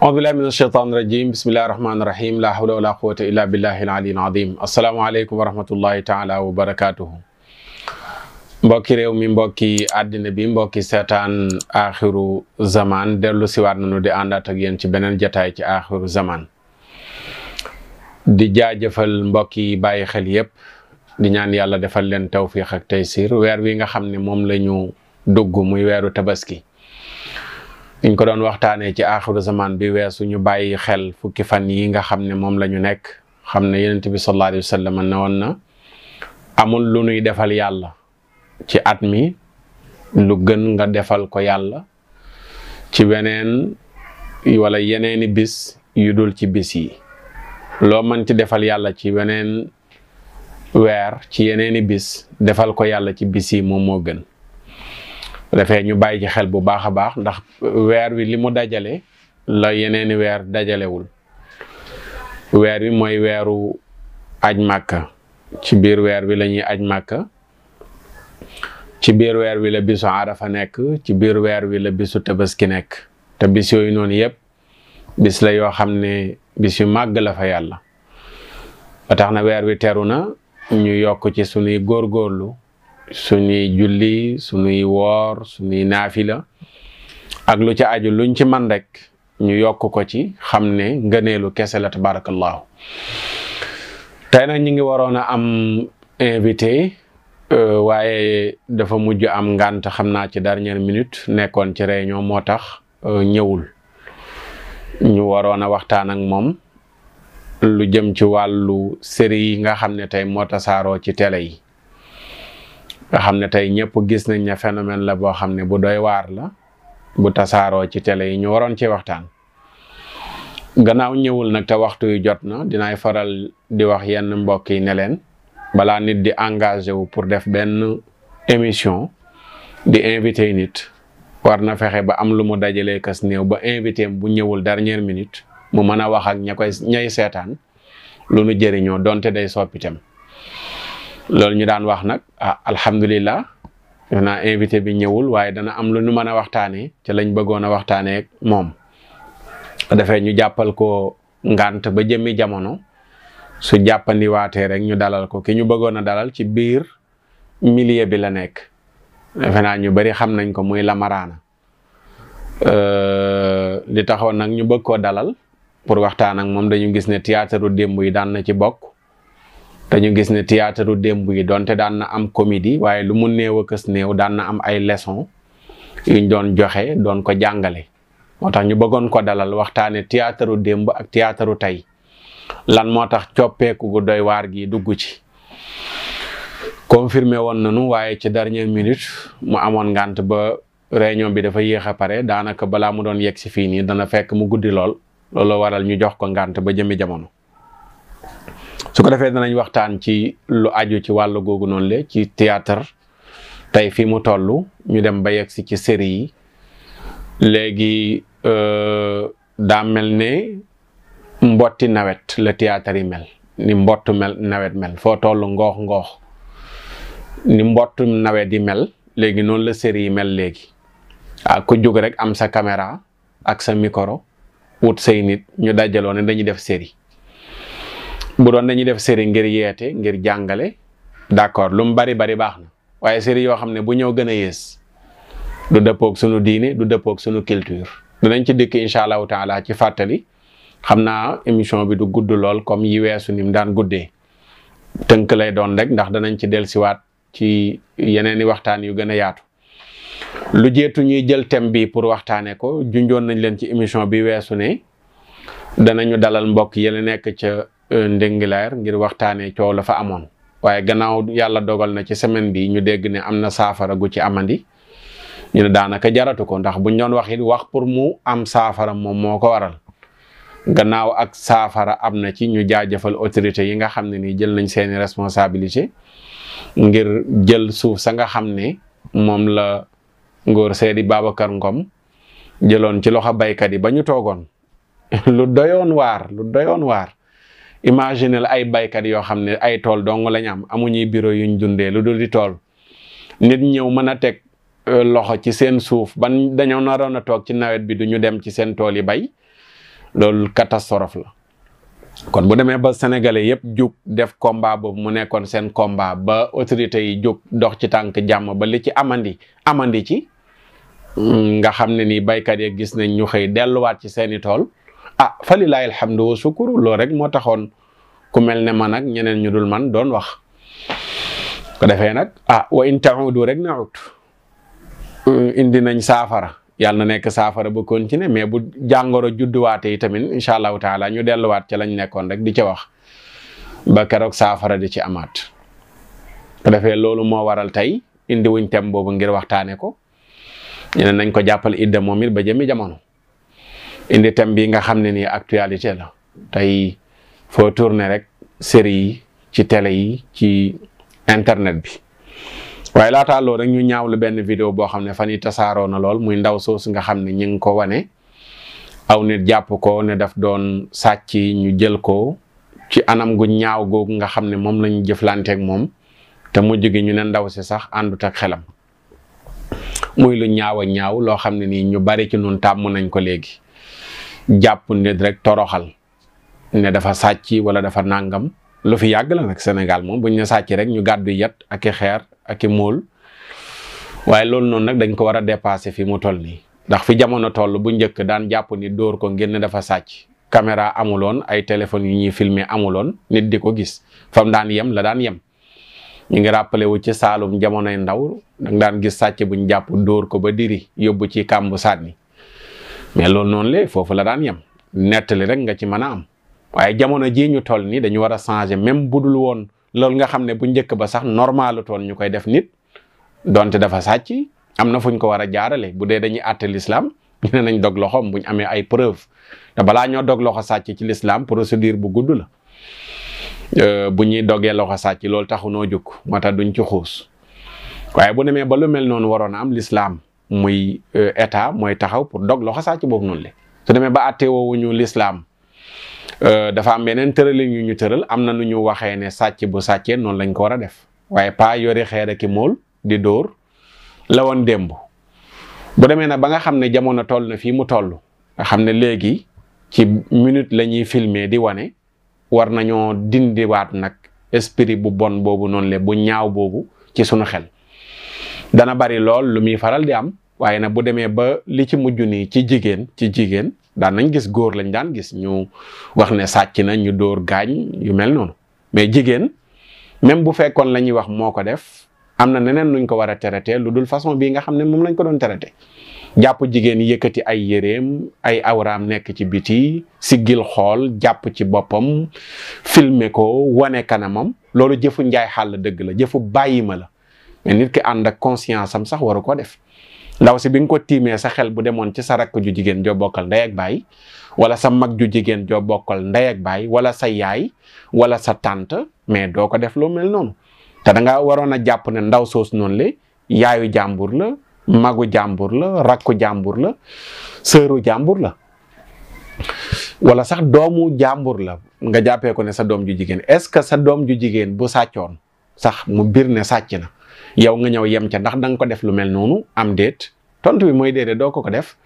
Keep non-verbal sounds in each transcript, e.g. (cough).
aoudubillahi min asheytaan irajim bismillahi rahmaani rahim la hawla wala quwata illa billahi alali azim asalaamaaleykum wa rahmatullahi taala wa barakatuhu mbokki réew mi mbokki àddina bi mbokki seetaan axiru zaman dellu siwaat nañu di àndaat ak yéen ci beneen jataay ci axiru zaman di jaajëfal mbokki bàyyi xel yépp di ñaan yàlla defal leen tawfiix ak taysir weer wi nga xam ne moom la ñu dugg muy weeru tabaski ñu ko doon waxtaanee ci aaxiru zaman bi weesu ñu bàyyi xel fukki fan yi nga xam ne moom la ñu nekk xam ne yonent bi sallallahu alayhi wa ne woon na amul lu nuy defal yàlla ci at mi lu gën nga defal ko yàlla ci weneen wala yeneeni bis yu dul ci bis yi loo mën defal yàlla ci weneen weer ci yeneeni bis defal ko yàlla ci bis yi moom moo gën defee ñu bàyyi ci xel bu baax a baax ndax weer wi li mu dajale la yeneeni weer dajalewul weer wi mooy weeru aj màkka ci biir weer wi la ñuy aj màkka ci biir weer wi la bisu nekk ci biir weer wi la bisu tabaski nekk te bis yooyu noonu yépp bis la yoo xam ne bis yu màgg la fa yàlla ba tax na weer wi teru na ñu yokk ci sunuy góorlu suñuy julli suñuy woor suñuy naafila ak lu ci aju luñ ci man rekk ñu yokk ko ci xam ne ngëneelu kese la tabarakallahu tey nag ñu ngi waroon a am invité euh, waaye dafa mujj am ngànt xam naa ci dernière minute nekkoon ci réunion moo tax euh, ñëwul ñu waroon a waxtaan ak moom lu jëm ci wàllu série yi nga xam ne tey moo tasaaroo ci tele yi nga xam ne tey ñëpp gis nañ ne phénomène la boo xam ne bu doy waar la bu tasaaroo ci télé yi ñu waroon ci waxtaan gannaaw ñëwul nag te waxtu yu jot na dinaay faral di wax yenn mbokk yi ne leen balaa nit di engagé wu pour def benn émission di invité nit war na fexe ba am lu mu dajalee kas néew ba invité bu ñëwul dernière minute mu mën a wax ak ña koy ñay seetaan lu nu jëriñoo donte day soppitam loolu ñu daan wax nag ah alhamdulilah naa invité bi ñëwul waaye dana am lu ñu mën a waxtaanee ci lañ bëggoon a waxtaanee moom. dafay ñu jàppal ko ngant ba jëmmi jamono su jàppandi waatee rek ñu dalal ko ki ñu bëggoon a dalal ci biir milieu bi la nekk defe ñu bari xam nañ ko muy Lamarana li taxoon nag ñu bëgg koo dalal pour waxtaan ak moom dañu gis ne théâtre démb yi daan na ci bokk. dañu gis ne théâtre démb yi donte daan na am comédie waaye lu mu néew a kës néew daan na am ay leçon yuñ doon joxe doon ko jàngale moo tax ñu bëggoon ko dalal waxtaane théâtre démb ak théâtre tey lan moo tax coppeeku gu doy waar gi dugg ci confirmé woon nanu waaye ci dernière minute mu amoon ngànt ba réunion bi dafa yéex a pare daanaka balaa mu doon yegg si fii nii dana fekk mu guddi lool looloo waral ñu jox ko ngànt ba jëmi jamono su ko defee danañ waxtaan ci lu aju ci wàllu googu noonu le ci théâtre tey fii mu tollu ñu dem ba yegsi ci série yi léegi euh, daa mel ne mbotti nawet la théâtre yi mel ni mbottu mel nawet mel foo toll ngoox ngoox ni mbottu nawet yi mel léegi noonu la série yi mel léegi ah ku jóg rek am sa caméra ak sa micro wut say nit ñu dajaloo ne dañuy def série bu doon dañuy def série ngir yeete ngir jàngale d'accord lu mu bari bari baax na waaye série yoo xam ne bu ñëw gën a yées du dëppoog sunu diine du dëppook sunu culture danañ ci dikk incha allahu taala ci fàttali xam naa émission bi du gudd lool comme yi weesu ni mu daan guddee tënk lay doon rek ndax danañ ci dellusiwaat ci yeneen i waxtaan yu gën a yaatu lu jeetu ñuy jël thème bi pour waxtaanee ko junjoon nañ leen ci émission bi weesu ne danañu dalal mbokk yële nekk ca Ndingler ngir waxtaanee coow la fa amoon waaye gannaaw yàlla dogal na ci semaine bi ñu dégg ne am na saafara gu ci amandi ñu ne daanaka jaratu ko ndax buñ doon wax it wax pour mu am saafara moom moo ko waral gannaaw ak saafara am na ci ñu jaajëfal autorité yi nga xam ne nii jël nañ seeni responsabilité ngir jël suuf sa nga xam ne moom la ngóor seedi Babacar Ngom jëloon ci loxo baykat yi ba ñu toogoon (laughs) lu doyoon waar lu doyoon waar imagine la ay baykat yoo xam ne ay tool dong lañ am amuñuy bureau ñu dundee lu dul di tool nit ñëw mën a teg euh, loxo ci seen suuf ban dañoo naroon a toog ci nawet bi du ñu dem ci seen tool yi bay loolu catastrophe la kon bu demee ba sénégalais yëpp jóg def combat boobu mu nekkoon seen komba ba autorité yi jóg dox ci tànk jàmm ba li ci amandi amandi ci mm, nga xam ne nii baykat yi gis nañ ñu xëy delluwaat ci seeni tool ah falilaay alhamdu wa sukuru loolu rek moo taxoon ku ne man ak ñeneen ñu dul man doon wax ko defee nag a ah, wa in taudu rek na ut mm, indi nañ saafara yàlla na nekk saafara ba continuer mais bu jàngoro judduwaatee tamit incha allahu taala ñu delluwaat ca lañ nekkoon rek di ca wax ba keroog saafara di ci amaat ko defee loolu moo waral tey indi wuñ tem boobu ngir waxtaane ko ñeneen nañ ko jàppal idda moom it ba jëmi jamono indi thème bi nga xam ne nii actualité la tey foo tourné rek série yi ci télé yi ci internet bi waaye laataa loolu rek ñu ñaawlu benn vidéo boo xam ne fan yii tasaaroo na lool muy ndaw soosu nga xam ne ñu ngi ko wane aw nit jàpp ko ne daf doon sàcc ñu jël ko ci anam gu ñaaw googu nga xam ne moom lañu jëflanteeg moom te mu gi ñu ne ndaw si sax àndut ak xelam muy lu ñaaw a ñaaw loo xam ne nii ñu bari ci nun tàmm nañ ko léegi. jàpp nit rek toroxal ne dafa sàcc wala dafa nangam lu fi yàgg la nag Sénégal moom buñ ne sàcc rek ñu gàddu yat ak i xeer ak i móol waaye loolu noonu nag dañ ko war a dépasser fi mu toll nii ndax fi jamono toll bu njëkk daan jàpp ni dóor ko ngir ne dafa sàcc caméra amuloon ay téléphone yu ñuy filmer amuloon nit di ko gis fam daan yem la daan yem ñu ngi rappelé wu ci Saalum jamonoy ndaw dang daan gis sàcc buñ jàpp dóor ko ba diri yóbbu ci saat sànni mais loolu noonu la foofu la daan yem nettali rek nga ci mën a am waaye jamono jii ñu toll nii dañu war a changer même budul woon loolu nga xam ne bu njëkk ba sax normalu toon ñu koy def nit donte dafa sàcc am na fuñ ko war a jaarale bu dee dañuy àtte l'islam (laughs) ñu ne nañ dog loxoom buñ amee ay preuve te balaa ñoo dog loxo sàcc ci lislaam procédure bu gudd la euh, bu ñuy dogee loxo sàcc loolu taxu noo jóg moo tax duñ ci xuus waaye bu demee ba lu mel noonu waroon am l'islam muy euh, état mooy taxaw pour dog loxo sàcc boobu noonu le su demee ba àtte woowuñu lislaam euh, dafa am beneen tëralin ñu tëral am na nu ñu waxee ne sàcc bu sàccee noonu lañ ko war a def waaye pas yori xeer ki mool di dóor la woon démb bu demee nag ba nga xam ne jamono toll na fii mu toll nga xam ne léegi ci minute la ñuy filmer di wane war nañoo dindiwaat nag esprit bu bon boobu noonu le bu ñaaw boobu ci sunu xel dana bari lool lu muy faral di am waaye nag bu demee ba li ci mujj nii ci jigéen ci jigéen daan nañ gis góor lañ daan gis ñu wax ne sàcc na ñu dóor gaañ yu mel noonu mais jigéen même bu fekkoon la ñuy wax moo ko def am na neneen nuñ ko war a traité lu dul façon bii nga xam ne moom lañ ko doon traité jàpp jigéen yëkkati ay yéreem ay awraam nekk ci biti siggil xool jàpp ci boppam filmer ko wane kanamam loolu jëfu njaay xàll dëgg la jëfu bàyyi ma la mais nit ki ànd ak conscience am sax waru ko def ndaw si bi nga ko tiimee sa xel bu demoon ci sa rakk ju jigéen joo bokkal ndey ak baay wala sa mag ju jigéen joo bokkal ndey baay wala sa yaay wala sa tante mais doo ko def lu mel noonu te da nga waroon a jàpp ne ndaw soosu noonu la yaayu jàmbur la magu jàmbur la rakku jàmbur la sëru jàmbur la wala sax doomu jàmbur la nga jàppee ko ne sa doom ju jigéen est-ce que sa doom ju jigéen bu sàccoon sax mu bir ne sàcc na yow nga ñëw yem ca ndax da nga ko def lu mel noonu am déet tontu bi mooy déedéet doo ko ko def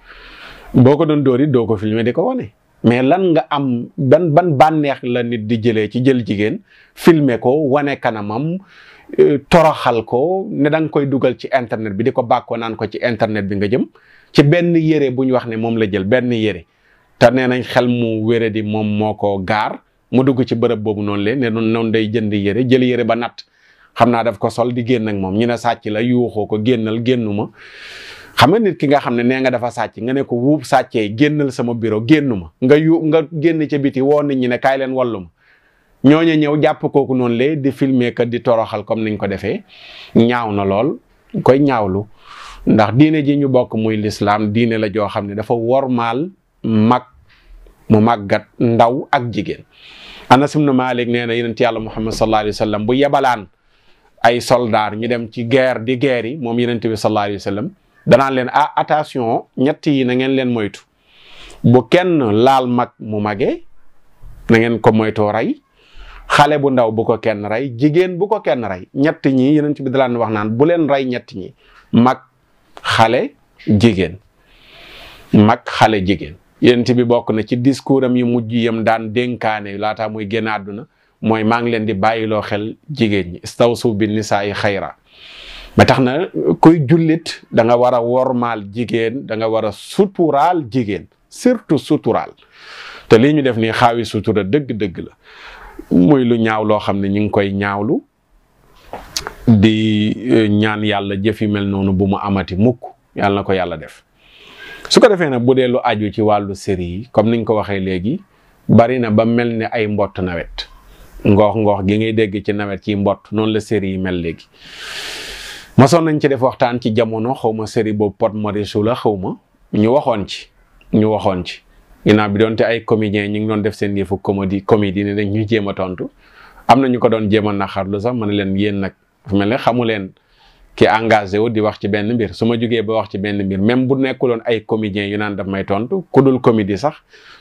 boo ko doon doori doo ko filmer di ko wane. mais lan nga am ban ban bànneex la nit di jëlee ci jël jigéen filmer ko wane kanamam euh, toroxal ko ne da koy dugal ci internet bi di ko bàkkoo naan ko ci internet bi nga jëm ci benn yére bu ñu wax ne moom la jël benn yére te nee nañ xel mu wére di moom moo ko gaar mu dugg ci bërëb boobu noonu leen ne noonu day jënd yére jël yére ba natt xam naa def ko sol di génn ak moom ñu ne sàcc la yuuxoo ko génnal génnuma xam nga nit ki nga xam ne nee nga dafa sàcc nga ne ko wuub sàccee génnal sama bureau génnuma nga yu nga génn ca biti woo nit ñi ne kaay leen walluma ñooñu ñëw jàpp kooku noonu lee di filmer que di toroxal comme niñ ko defee ñaaw na lool koy ñaawlu ndax diine ji ñu bokk muy lislaam diine la joo xam ne dafa wor maal mag mu màggat ndaw ak jigéen Anas ibn Malik nee na yonent yàlla Muhammad sallallahu alayhi wa sallam bu yebalaan ay soldaar ñu dem ci guerre di guerre yi moom yonent bi sallallahu alayhi wa sallam danaan leen ah attention ñett yi na ngeen leen moytu bu kenn laal mag mu magee na ngeen ko moytoo rey xale bu ndaw bu ko kenn rey jigéen bu ko kenn rey ñett ñi yonent bi dalaan wax naan bu leen ray ñett ñi mag xale jigéen mag xale jigéen yonent bi bokk na ci discours yi yu mujj yam daan dénkaane laataa muy génn àdduna mooy maa ngi leen di bàyyiloo xel jigéen ñi stawsu bi nisaa yi xayra ma tax na kuy jullit da nga war a wormaal jigéen da nga war a suturaal jigéen surtout suturaal te lii ñu def nii xaawi sutura dëgg-dëgg la muy lu ñaaw loo xam ne ñu ngi koy ñaawlu di e, ñaan yàlla jëf yu mel noonu bu mu amati mukk yàlla na ko yàlla def su ko defee nag bu dee lu aju ci wàllu série yi comme niñ ko waxee léegi bari na ba mel ni ay mbott nawet ngoox ngoox gi ngay dégg ci nawet ci mbott noonu la série yi mel léegi mosoon nañ ci def waxtaan ci jamono xawma série boobu Pod Marichou la xawma ñu waxoon ci ñu waxoon ci ginnaaw bi doonte ay comédien ñu ngi doon def seen yëfu comédie comédie ne dañ ñu jéem a tontu am na ñu ko doon jéem a naxarlu sax mën leen yéen nag fu mel ne xamu leen ki engagé wu di wax ci benn mbir su ma jugee ba wax ci benn mbir même bu nekkuloon ay comédiens yu naan daf may tontu ku dul comédie sax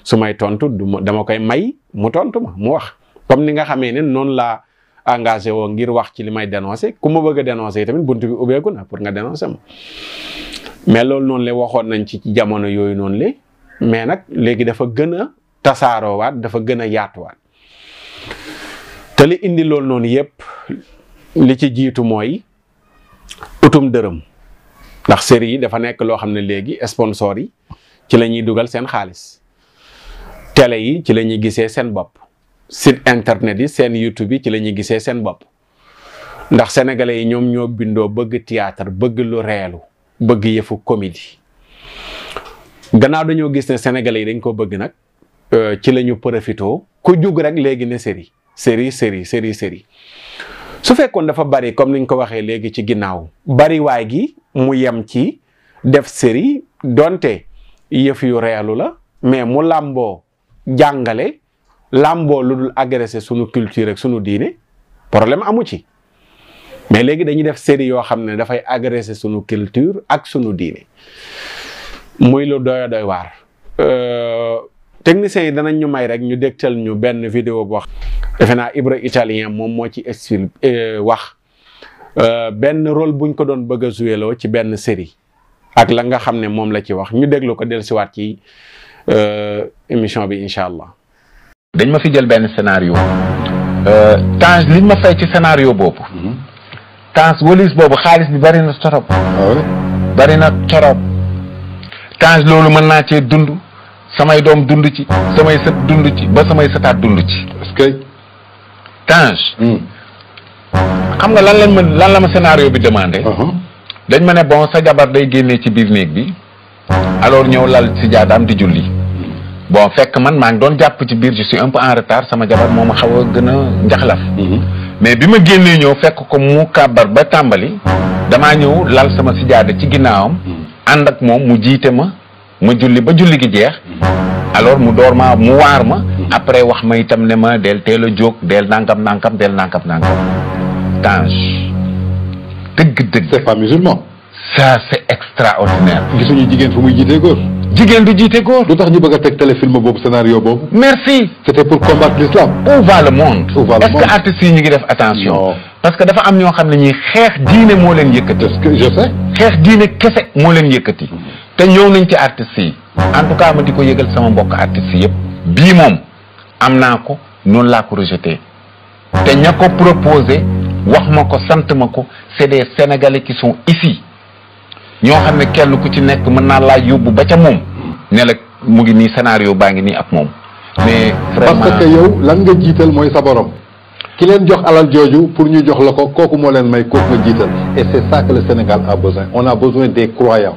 su may tontu du dama koy may mu tontu mu wax. comme ni nga xamee ne noonu laa engagé woo ngir wax ci li may dénoncé ku ma bëgg a dénoncé tamit bunt bi ubbeeku na pour nga dénoncé ma mais loolu noonu la waxoon nañ ci jamono yooyu noonu la mais nag léegi dafa gën a waat dafa gën a yaatuwaat te li indi loolu noonu yépp li ci jiitu mooy utum dërëm ndax série yi dafa nekk loo xam ne léegi sponsor yi ci la ñuy dugal seen xaalis télé yi ci la ñuy gisee seen bopp site internet yi seen YouTube yi ci la ñuy gisee seen bopp ndax sénégalais yi ñoom ñoo bindoo bëgg théâtre bëgg lu reelu bëgg yëfu comédie gannaaw dañoo gis ne sénégalais yi dañ ko bëgg nag euh, ci la ñu profité ku jug rek léegi ne série seri série série série su fekkoon dafa bari comme niñ ko waxee léegi ci ginnaaw bari waay gi mu yem ci def série donte yëf yu reelu la mais mu làmboo jàngale làmboo lu dul agressé sunu culture ak sunu diine problème amu ci mais léegi dañuy def série yoo xam ne dafay agressé sunu culture ak sunu diine muy lu doy doy waar. Euh, techniciens yi danañ ñu may rek ñu dégtal ñu benn vidéo boo wax defe naa Ibra italien moom moo ci exil euh, wax euh, benn rôle buñ ko doon bëgg a loo ci benn série ak la nga xam ne moom la ci wax ñu déglu ko dellusiwaat ci émission bi incha allah. dañ ma fi jël benn scénario euh, Tange liñ ma fay ci scénario boobu mhm. Tange walis boobu xaalis bi bari na torop ah bari na torop Tange loolu mën naa cee dund samay doom dund ci samay sët dund ci ba samay sëtaat dund ci parce que Tange hmm. xam nga lan lañ ma lan la ma scénario bi demandé uh-huh. dañ ma ne bon sa jabar day génnee ci biir néeg bi alors ñëw lal si jaadaam di julli bon fekk man maa ngi doon jàpp ci biir je suis un peu en retard sama jabar moo ma xaw a gën a njaxlaf mhm. mais bi ma génnee ñëw fekk ko mu kàbbar ba tàmbali damaa ñëw lal sama sijaada ci ginnaawam mhm. ànd ak moom mu jiite ma ma julli ba julli ki jeex mhm. alors mu door ma mu waar ma après wax ma itam ne ma del teel a jóg del nànkam nangam del nànkam nangam tange dëgg dëgg c'est pas musulman ça c'est extraordinaire gisuñu jigéen fu muy jiitee góor jigéen du jiite góor. lu tax ñu bëgg a teg téléfilm boobu scénario boobu. merci. c'était pour combattre l'islam. où le monde. où le monde est que artistes yi ñu ngi def attention. Non. parce que dafa am ñoo xam ne ñii xeex diine moo leen yëkkati. est-ce que je sais. xeex moo leen yëkkati. te ñëw nañ ci artistes yi. en tout cas di ko yëgal sama mbokk artistes yëpp. bii moom am naa ko noonu laa ko rejeté. te ña ko proposé wax ma ko sant ma ko c'est des sénégalais qui sont ici. ñoo xam ne kenn ku ci nekk mën naa laa yóbbu ba ca moom ne la mu ngi nii scénario baa ngi nii ak moom. mais vraiment parce que yow lan nga jiital mooy sa borom. ki leen jox alal jooju pour ñu jox la ko kooku moo leen may kooku nga jiital et c'est ça que le a besoin a besoin des croyants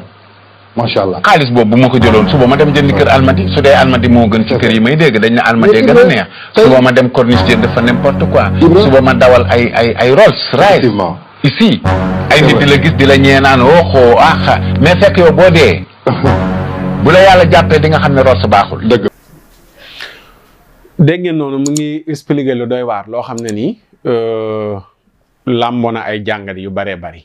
macha allah. xaalis boobu bu ma ko jëloon suba ma dem jëndi kër almadi su dee almadi moo gën ci kër yi may dégg dañ ne almadi gën a neex. suba ma dem corniche jënd fa n'importe quoi. suba ma dawal ay ay ay Rolls fii ay nit di la gis di la ñeenaan waxoo ah mais fekk yow boo dee bu la yàlla jàppee di nga xam ne root baaxul. dëgg dégg ngeen noonu mu ngi expliqué lu doy waar loo xam ne nii euh, làmboo na ay jàngat yu baree bari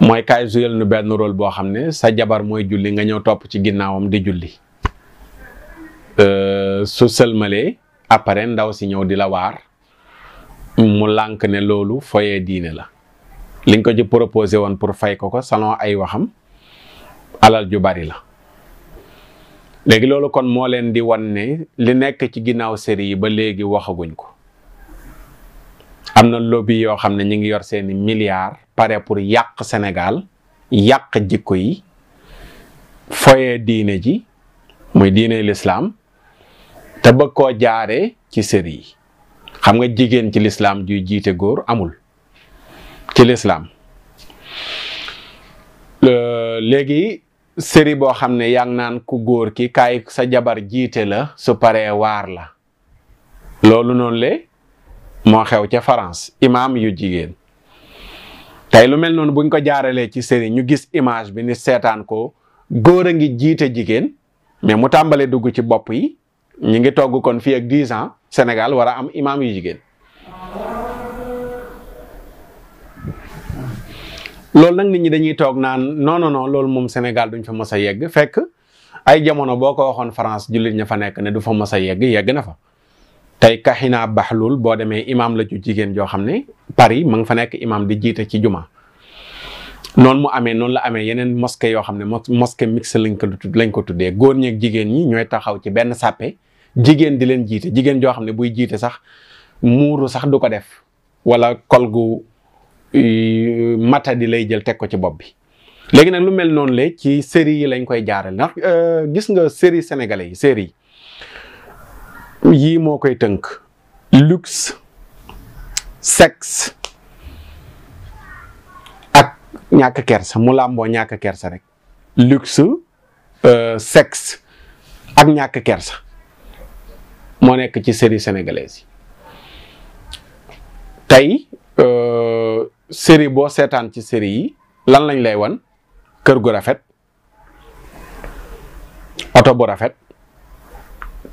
mooy kaay suyal nu benn rôle boo xam ne sa jabar mooy julli nga ñëw topp ci ginnaawam di julli euh, su sëlmalee après ndaw si ñëw di la waar. mu lànk ne loolu foyee diine la liñ ko ci proposé woon pour fay ko ko selon ay waxam alal ju bari la léegi loolu kon moo leen di wan ne li nekk ci ginnaaw série yi ba léegi waxaguñ ko am na lobi yoo xam ne ñu ngi yor seeni milliards pare pour yàq Sénégal yàq jikko yi foyee diine ji muy diine lislaam te bëgg koo jaaree ci série yi xam nga jigéen ci lislaam juy jiite góor amul ci lislaam euh, léegi série boo xam ne yaa ngi naan ku góor ki kaay sa jabar jiite la su paree waar la loolu noonu le moo xew ca farance imaam yu jigéen tey lu mel noonu buñ ko jaaralee ci série ñu gis image bi ni seetaan ko góor a ngi jiite jigéen mais mu tàmbalee dugg ci bopp yi ñu ngi togg kon fii ak dix ans Sénégal war a am imaam yu jigéen loolu nag nit ñi dañuy toog naan non non non moom Sénégal duñ fa mës a yegg fekk ay jamono boo ko waxoon France jullit ña fa nekk ne du fa mës a yegg yegg na fa tey Kahina Bahloul boo demee imaam la ju jigéen joo xam ne Paris ma nga fa nekk imaam di jiita ci juma. noonu mu amee noonu la amee yeneen mosquée yoo xam ne mosquée mixte lañ ko lañ ko tuddee góor ñeek jigéen ñi ñooy taxaw ci benn sàppe jigéen di leen jiite jigéen joo xam ne buy jiite sax muuru sax du ko def walla kol gu mata di lay jël teg ko ci bopp bi. léegi nag lu mel noonu le ci série yi lañ koy jaaral ndax euh, gis nga série sénégalais yi série yii moo koy tënk luxe sexe ak ñàkk kersa mu làmboo ñàkk kersa rek luxe euh, sexe ak ñàkk kersa moo nekk ci série sénégalaise yi tey euh, série boo seetaan ci série yi lan lañ lay wan kër gu rafet oto bu rafet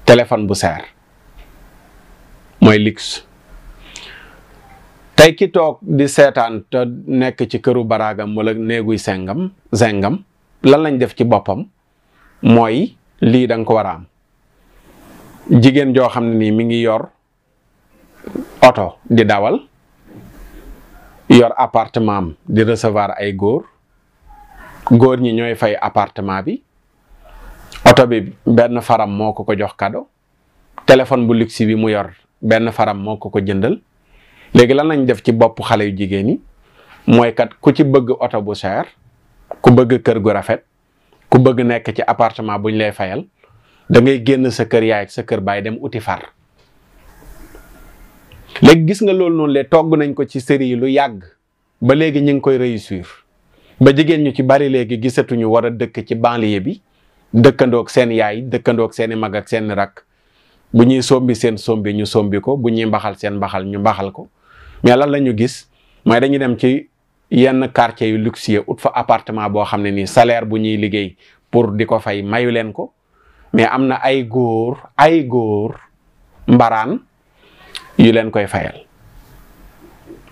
téléphone bu seer mooy luxe tey ki toog di seetaan te nekk ci këru baraagam wala néeguy sengam sengam lan lañ def ci boppam mooy lii da nga ko war a am jigéen joo xam ne nii mi ngi yor oto di dawal yor appartement am di recevoir ay góor góor ñi ñooy fay appartement bi oto bi benn faram moo ko ko jox kado téléphone bu luxe bi mu yor benn faram moo ko ko jëndal léegi lan nañ def ci bopp xale yu jigéen yi mooy kat ku ci bëgg oto bu cher ku bëgg kër gu rafet ku bëgg nekk ci appartement buñ lay fayal dangay génn sa kër yaay ak sa kër baay dem uti far léegi gis nga loolu noonu le togg nañ ko ci série lu yàgg ba léegi ñu ngi koy réussir ba jigéen ñu ci bari léegi gisatuñu war a dëkk ci banlieue bi dëkkandoog seen yaay dëkkandoog seeni mag ak seeni rakk bu ñuy sombi seen sombi ñu sombi ko bu ñuy mbaxal seen mbaxal ñu mbaxal ko mais lan la ñu gis mooy dañu dem ci yenn quartier yu luxueux ut fa appartement boo xam ne nii salaire bu ñuy liggéey pour di ko fay mayu leen ko mais am na ay góor ay góor mbaraan yu leen koy fayal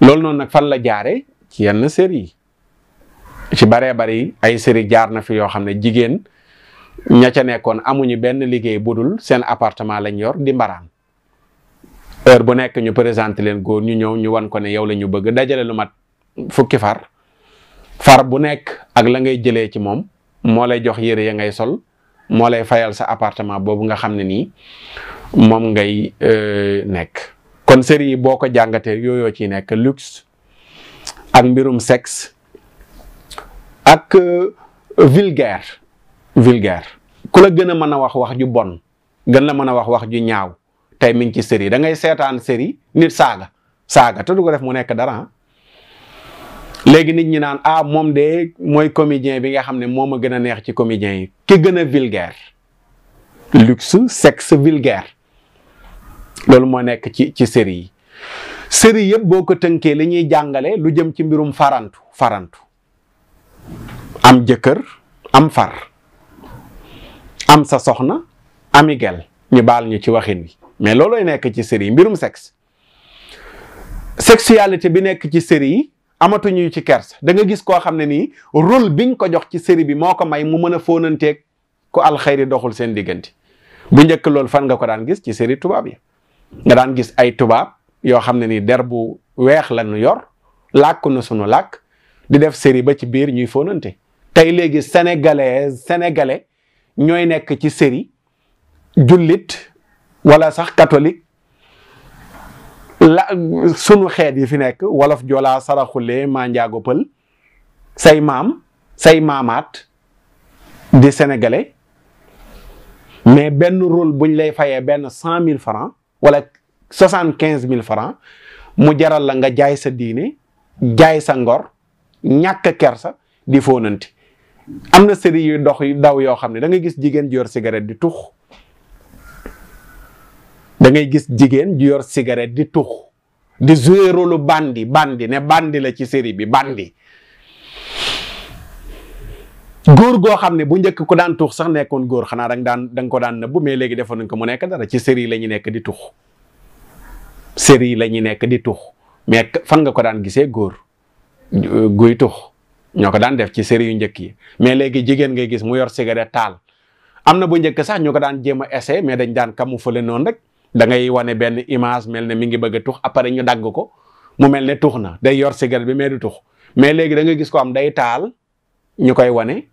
loolu noonu nag fan la jaare ci yenn série yi ci baree bari ay série jaar na fi yoo xam ne jigéen ña ca nekkoon amuñu benn liggéey bu dul seen appartement lañ yor di mbaraan heure bu nekk ñu présenté leen góor ñu ñëw ñu wan ko ne yow lañu bëgg dajale lu mat fukki far far bu nekk ak la ngay jëlee ci moom moo lay jox yëre ya ngay sol moo lay fayal sa appartement boobu nga xam ne nii moom ngay euh, nekk kon série yi boo ko jàngatee yooyoo ci nekk luxe ak mbirum sex ak euh, vulgaire vulgaire ku la gën a mën a wax wax ju bon gën la mën a wax wax ju ñaaw tey mi ngi ci série da ngay seetaan série nit saaga saaga te du ko def mu nekk dara ah. léegi nit ñi naan ah moom de mooy comédien bi nga xam ne moom a gën a neex ci comédien yi ki gën a vulgaire luxe sexe vulgaire loolu moo nekk ci ci série yi sëri yëpp boo ko tënkee li ñuy jàngale lu jëm ci mbirum farantu farantu am jëkkër am far am sa soxna amigel ñu baal ñu ci waxin wi mais loolooy nekk ci série yi mbirum sexe sexualité bi nekk ci série yi amatuñu ci kersa da nga gis koo xam ne nii rôle biñ ko jox ci série bi moo ko may mu mën a fóonanteeg ku alxayri doxul seen diggante bu njëkk loolu fan nga ko daan gis ci série tubaab yi nga daan gis ay tubaab yoo xam ne ni der bu weex la ñu yor làkk na sunu lakk di def sëri ba ci biir ñuy fóonante tey léegi sénégalais sénégalais ñooy nekk ci série jullit wala sax catholique la sunu xeet yi fi nekk wolof joolaa saraxule ma njaago pël say maam say maamaat di sénégalais mais benn rôle buñ lay fayee benn cent mille francs wala soixante quinze mille francs mu jaral la nga jaay sa diine jaay sa ngor ñàkk kersa di fóonanti am na série yu dox yu daw yoo xam ne da nga gis jigéen jor cigarette di tux da ngay gis jigéen ju yor cigarette di tux di jouer rôle bandi bandi ne bandi la ci série bi bandi góor goo xam ne bu njëkk ko daan tux sax nekkoon góor xanaa danga daan da ko daan nëbbu mais léegi defoon nañ ko mu nekk dara ci série la ñu nekk di tux série la ñu nekk di tux mais fan nga ko daan gisee góor euh, guy tux ñoo ko daan def ci série yu njëkk yi mais léegi jigéen ngay gis mu yor cigarette taal am na bu njëkk sax ñu ko daan jéem a essayé mais dañ daan camoufler noonu rek da ngay wane benn image mel ne mi ngi bëgg a tux ñu dagg ko mu mel ne tux na day yor cigarette bi mais du tux mais léegi da nga gis ko am day taal ñu koy wane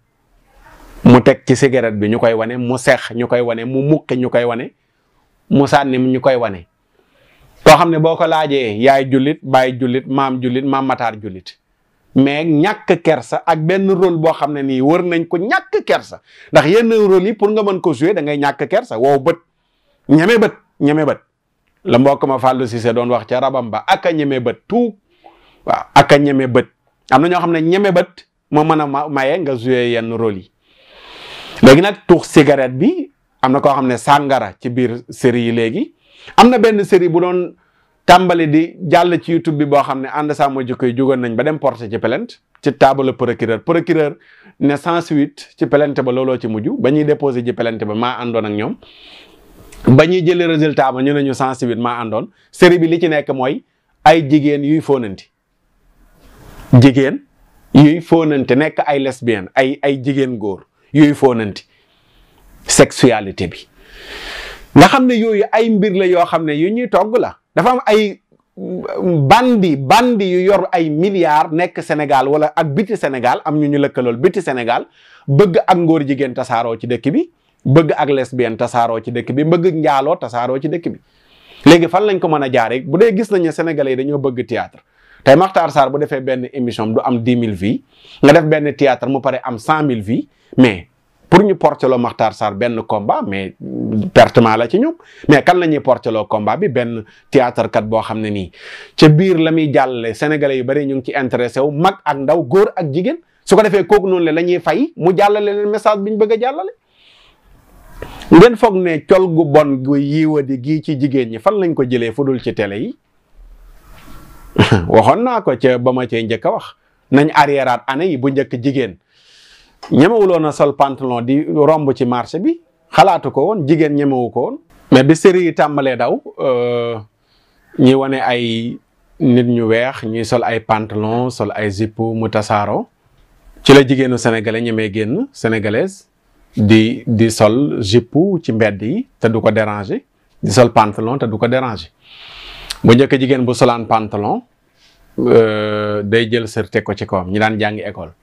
mu teg ci cigarette bi ñu koy wane mu sex ñu koy wane mu muqi ñu koy wane mu sànni ñu koy wane. koo xam ne boo ko laajee yaay jullit baay jullit maam jullit maam mataar jullit mais ñàkk kersa ak benn role boo xam ne nii wër nañ ko ñàkk kersa ndax yenn rôle yi pour nga mën ko jouer da ngay ñàkk kersa wow bët ñeme bët. ñeme bët la mbokk ma Fallou Cissé doon wax ca rabam ba ak a ñeme bët tout waaw ak a ñeme bët am na ñoo xam ne ñeme bët moo mën a maye nga joué yenn rôle yi léegi nag tuux cigarette bi am na koo xam ne sàngara ci biir seri yi léegi am na benn seri bu doon tàmbali di jàll ci YouTube bi boo xam ne ànd saa ma jikko yi jógoon nañ ba dem porté ci plainte ci table procureur procureur ne sans ci plainte ba looloo ci mujj ba ñuy déposé ci plainte ba maa àndoon ak ñoom ba ñuy jëlee résultat ba ñu nañu ñu sensibiliser maa àndoon série bi li ci nekk mooy ay jigéen yuy fóonanti jigéen yuy fóonanti nekk ay lesbienne ay ay jigéen góor yuy fóonanti sexualité bi nga xam ne yooyu ay mbir la yoo xam ne yu ñuy togg la dafa am ay bandi bandi yu yor ay milliards nekk senegal wala ak biti senegal am ñu ñu lëkkalool biti senegal bëgg ak ngóor jigéen tasaaroo ci dëkk bi bëgg ak lesbienne tasaaroo ci dëkk bi mbëgg njaaloo tasaaroo ci dëkk bi léegi fan lañ ko mën a jaaree bu dee gis nañ ne sénégalais yi dañoo bëgg théâtre tey Makhtar Sarr bu defee benn émission du am dix mille vi nga def benn théâtre mu pare am cent mill vi mais pour ñu loo Makhtar Sarr benn combat mais pertement la ci ñoom mais kan la ñuy loo combat bi benn théâtre kat boo xam ne nii ca biir la muy jàllale sénégalais yu bari ñu ngi ci intéressé wu mag ak ndaw góor ak jigéen su ko defee kooku noonu la la ñuy fay mu jàllale leen message bi bëgg a ngeen foog ne col gu bon gu di gi ci jigéen ñi fan lañ ko jëlee fu dul ci télé yi (laughs) waxoon naa ko ca ba ma cee njëkk a wax nañ arriéraat année yi bu njëkk jigéen ñemewuloon a sol pantalon di romb ci marché bi xalaatu ko woon jigéen ñemewu ko woon mais bi série yi tàmbalee daw euh, ñi wane ay nit ñu weex ñuy sol ay pantalon sol ay zipu mu tasaaro ci la jigéenu sénégalais ñemee génn sénégalaise di di sol jippu ci mbedd yi te du ko déranger di sol pantalon te du ko déranger bu njëkk jigéen bu solaan pantalon euh, day jël sër teg ko ci kaw ñi daan jàngi école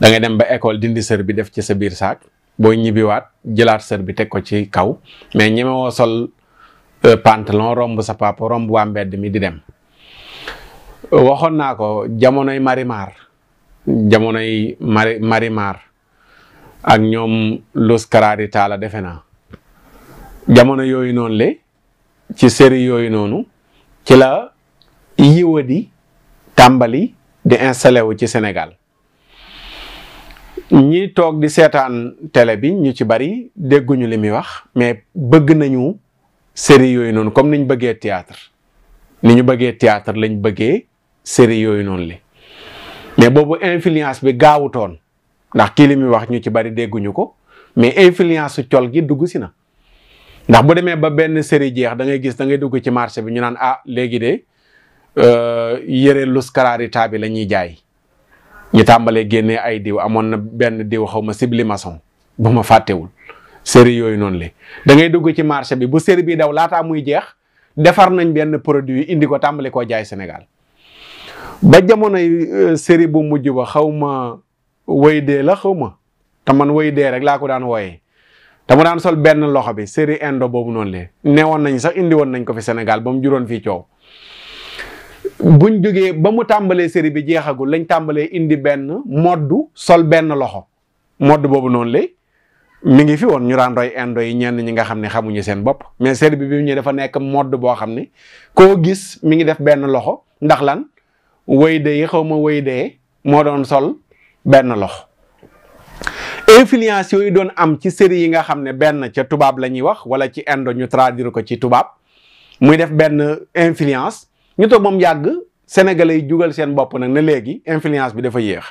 da ngay dem ba école dindi bi def ci sa biir saak booy ñibbiwaat jëlaat sër bi teg ko ci kaw mais ñemewoo sol euh, pantalon romb sa papa romb waa mbedd mi di dem. waxoon naa ko jamonoy marimar jamonoy mari marimar ak ñoom Luz Karari Talla defe naa jamono yooyu noonu le ci série yooyu noonu ci la yiwadi tàmbali di installé wu ci Sénégal ñi toog di seetaan télé bi ñu ci bari dégguñu li muy wax mais bëgg nañu série yooyu noonu comme niñ bëggee théâtre ni ñu bëggee théâtre lañ bëggee série yooyu noonu le mais boobu influence bi gaawutoon ndax kii li muy wax ñu ci bari dégguñu ko mais influence col gi dugg si na ndax bu demee ba benn série jeex da ngay gis da ngay dugg ci marché bi ñu naan ah léegi de euh, yëre lus kararita bi la ñuy jaay ñu tàmbalee génnee ay diw amoon na benn diw xaw ma sublimaçon bu ma fàttewul série yooyu noonu la da ngay dugg ci marché bi bu série bi daw laataa muy jeex defar nañ benn produit indi ko tàmbali koo jaay Sénégal ba jamonoy euh, série bu mujj ba xaw ma way dee la xaw ma te man way dee rek laa ko daan wooyee dama daan sol benn loxo bi série indo boobu noonu le neewoon nañ sax indi woon nañ ko fi Sénégal ba mu juróon fii coow buñ jógee ba mu tàmbalee sëri bi jeexagul lañ tàmbalee indi benn modd sol benn loxo modd boobu noonu le mi ngi fi woon ñu daan roy indo yi ñenn ñi nga xam ne xamuñu seen bopp mais série bi bi ñu dafa nekk modd boo xam ne ko gis mi ngi def benn loxo ndax lan way dee xaw ma way dee moo doon sol benn lox influence yooyu doon am ci seri yi nga xam ne benn ca tubaab la ñuy wax wala ci indo ñu traduire ko ci tubaab muy def benn influence ñu toog moom yàgg sénégalais yi jugal seen bopp nag na léegi influence bi dafa yéex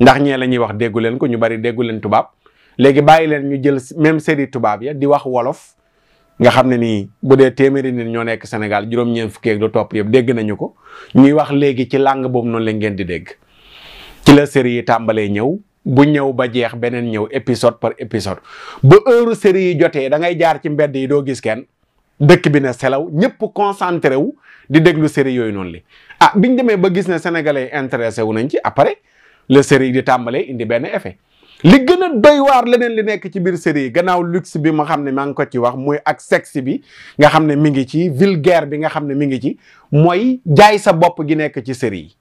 ndax ñee la ñuy wax déggu leen ko ñu bari déggu leen tubaab léegi bàyyi leen ñu jël même seri tubaab ya di wax wolof nga xam ne nii bu dee téeméeri nit ñoo nekk Sénégal juróom-ñeent fukki ak topp yëpp dégg nañu ko ñuy wax léegi ci langue boobu noonu la ngeen di dégg ci la série yi tàmbalee ñëw bu ñëw ba jeex beneen ñëw épisode par épisode ba heure série yi jotee da ngay jaar ci mbedd yi doo gis kenn dëkk bi ne selaw ñëpp concentré wu di déglu série yooyu noonu li ah biñ demee ba gis ne sénégalais intéressé wu nañ ci après la série di tàmbalee indi benn effet li gën a doy waar leneen li nekk ci biir série yi gannaaw luxe bi ma xam ne maa ngi ko ci wax mooy ak sexe bi nga xam ne mi ngi ci vulgaire bi nga xam ne mi ngi ci mooy jaay sa bopp gi nekk ci série yi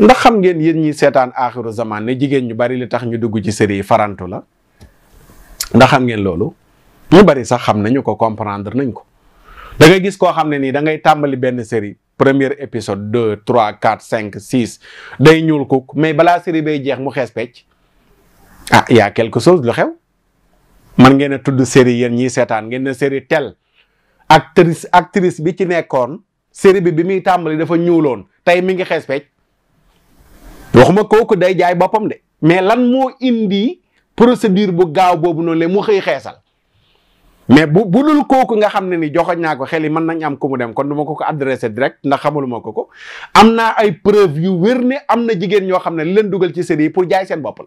ndax xam ngeen yéen ñi seetaan aaxiru zaman ne jigéen ñu bari li tax ñu dugg ci série yi farantu la ndax xam ngeen loolu ñu bari sax xam nañu ko comprendre nañ ko da ngay gis koo xam ne nii da ngay tàmbali benn série premier épisode deux trois quatre cinq six day ñuul kuk mais balaa série bay jeex mu xees pecc ah y a quelque chose lu xew man ngeen a tudd série yéen ñiy seetaan ngeen ne série tel actrice actrice bi ci nekkoon série bi bi muy tàmbali dafa ñuuloon tey mi ngi xees waxuma kooku day jaay boppam de mais lan moo indi procédure bu gaaw boobu noonu leen mu xëy xeesal mais bu bu dul kooku nga xam ne ni joxoñ naa ko xel yi mën nañ am ku mu dem kon du ma ko ko adressé direct ndax xamaluma ko ko am naa ay preuve yu wér ne am na jigéen ñoo xam ne li leen dugal ci série yi pour jaay seen bopp la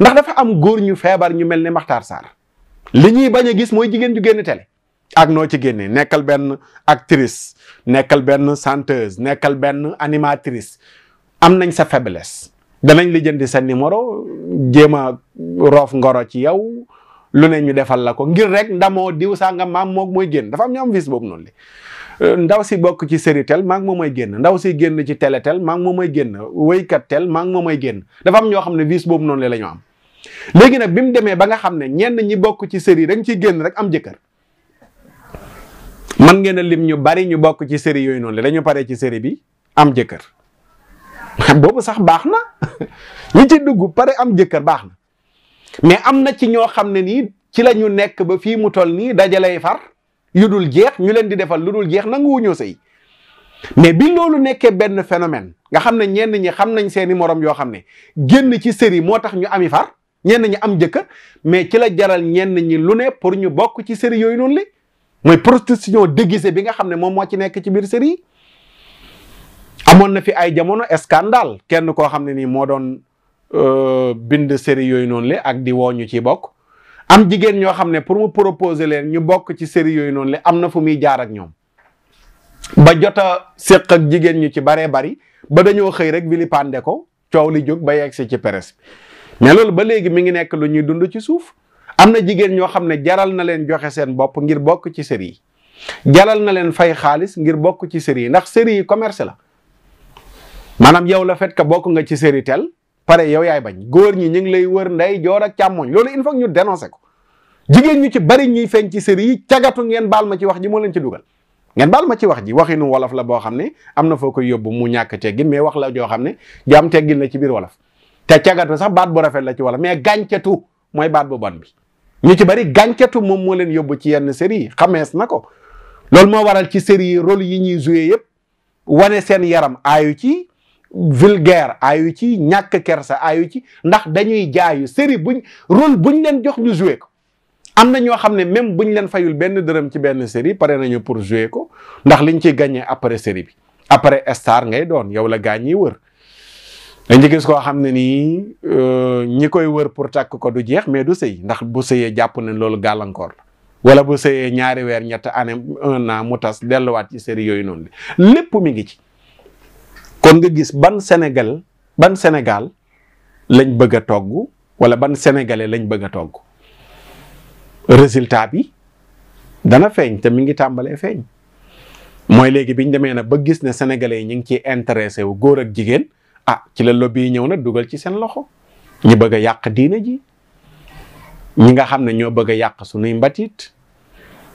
ndax dafa am góor ñu feebar ñu mel ne Makhtar Sarr li ñuy bañ a gis mooy jigéen ju génn télé ak noo ci génnee nekkal benn actrice nekkal benn chanteuse nekkal benn animatrice am nañ sa faiblesse danañ la jëndi sa numéro jéem a roof ngoro ci yow lu ne ñu defal la ko ngir rek ndamoo diw saa nga maam moog mooy génn dafa am ñu am noonu euh, ndaw si bokk ci série tel moom mooy génn ndaw si génn ci télé maa ngi génn wéykat tel moom mooy génn dafa am ñoo xam ne vis boobu noonu li la am léegi nag bi mu demee ba nga xam ne ñeen ñi bokk ci série dañ ciy génn rek am jëkkër man lim ñu bari ñu bokk ci série yooyu noonu li dañu ci série bi am jëkkër (laughs) boobu sax baax na (laughs) ñi ci dugg pare am jëkkër baax na mais am na ci ñoo xam ne nii ci la ñu nekk ba fii mu toll nii dajalay far yu dul jeex ñu leen di defal lu dul jeex nangu wuñoo sëy mais bi loolu nekkee benn phénomène nga xam ne ñenn ñi xam nañ seeni morom yoo xam ne génn ci série moo tax ñu ami far ñenn ñi am jëkkër mais ci la jaral ñenn ñi lu ne pour ñu bokk ci série yooyu noonu li mooy prostitution déguisée bi nga xam ne moom moo ci nekk ci biir série amoon na fi ay jamono scandale kenn koo xam ne nii moo doon euh, bind série yooyu noonu le ak di woo ñu ci bokk am jigéen ñoo xam ne pour mu proposer leen ñu bokk ci série yooyu noonu le am na fu muy jaarak ñoom ba jot a jigéen ñu ci baree bari ba dañoo xëy rek bi ko coow li jóg ba yegsi ci presse bi mais loolu ba léegi mi ngi nekk lu ñuy dund ci suuf am na jigéen ñoo xam ne jaral na leen joxe seen bopp ngir bokk ci série yi jaral na leen fay xaalis ngir bokk ci série yi ndax série yi commerce la maanaam yow la fait que bokk nga ci série tel pare yow yaay bañ góor ñi ñu ngi lay wër ndey joor ak càmmoñ loolu il faut ñu dénoncé ko jigéen ñu ci bari ñuy feeñ ci série yi cagatu ngeen baal ma ci wax ji moo leen ci dugal ngeen baal ma ci wax ji waxinu wolof la boo xam ne am na foo koy yóbbu mu ñàkk teggin mais wax la joo xam ne ju am teggin la ci biir wolof te cagatu sax baat bu rafet la ci wolof mais gàncetu mooy baat bu bon bi ñu ci bari gàncetu moom moo leen yóbbu ci yenn série yi xamees na ko loolu moo waral ci série yi rôle yi ñuy joué yëpp wane seen yaram aayu ci vulgaire ayu ci ñàkk kersa ayu ci ndax dañuy jaayu seri buñ rôle buñ leen jox ñu joué ko am na ñoo xam ne même buñ leen fayul benn dërëm ci benn seri pare nañu pour joué ko ndax liñ ciy gagné après seri bi après star ngay doon yow la gaañ yi wër dañu gis koo xam ne nii euh, ñi koy wër pour takk ko du jeex mais du sëy ndax bu sëyee jàpp ne loolu gàllankoor la wala bu sëyee ñaari weer ñett année un an mu tas delluwaat ci série yooyu noonu lépp mi ngi ci kon nga gis ban senegal ban Sénégal lañ bëgg a togg wala ban sénégalais lañ bëgg a togg résultat bi dana feeñ te mi ngi tàmbalee feeñ mooy léegi biñ demee na ba gis ne sénégalais yi ñu ngi ciy intéressé wu góor ak jigéen ah ci la yi ñëw na dugal ci seen loxo ñu bëgg a yàq diine ji ñi nga xam ne ñoo bëgg yàq suñuy mbatit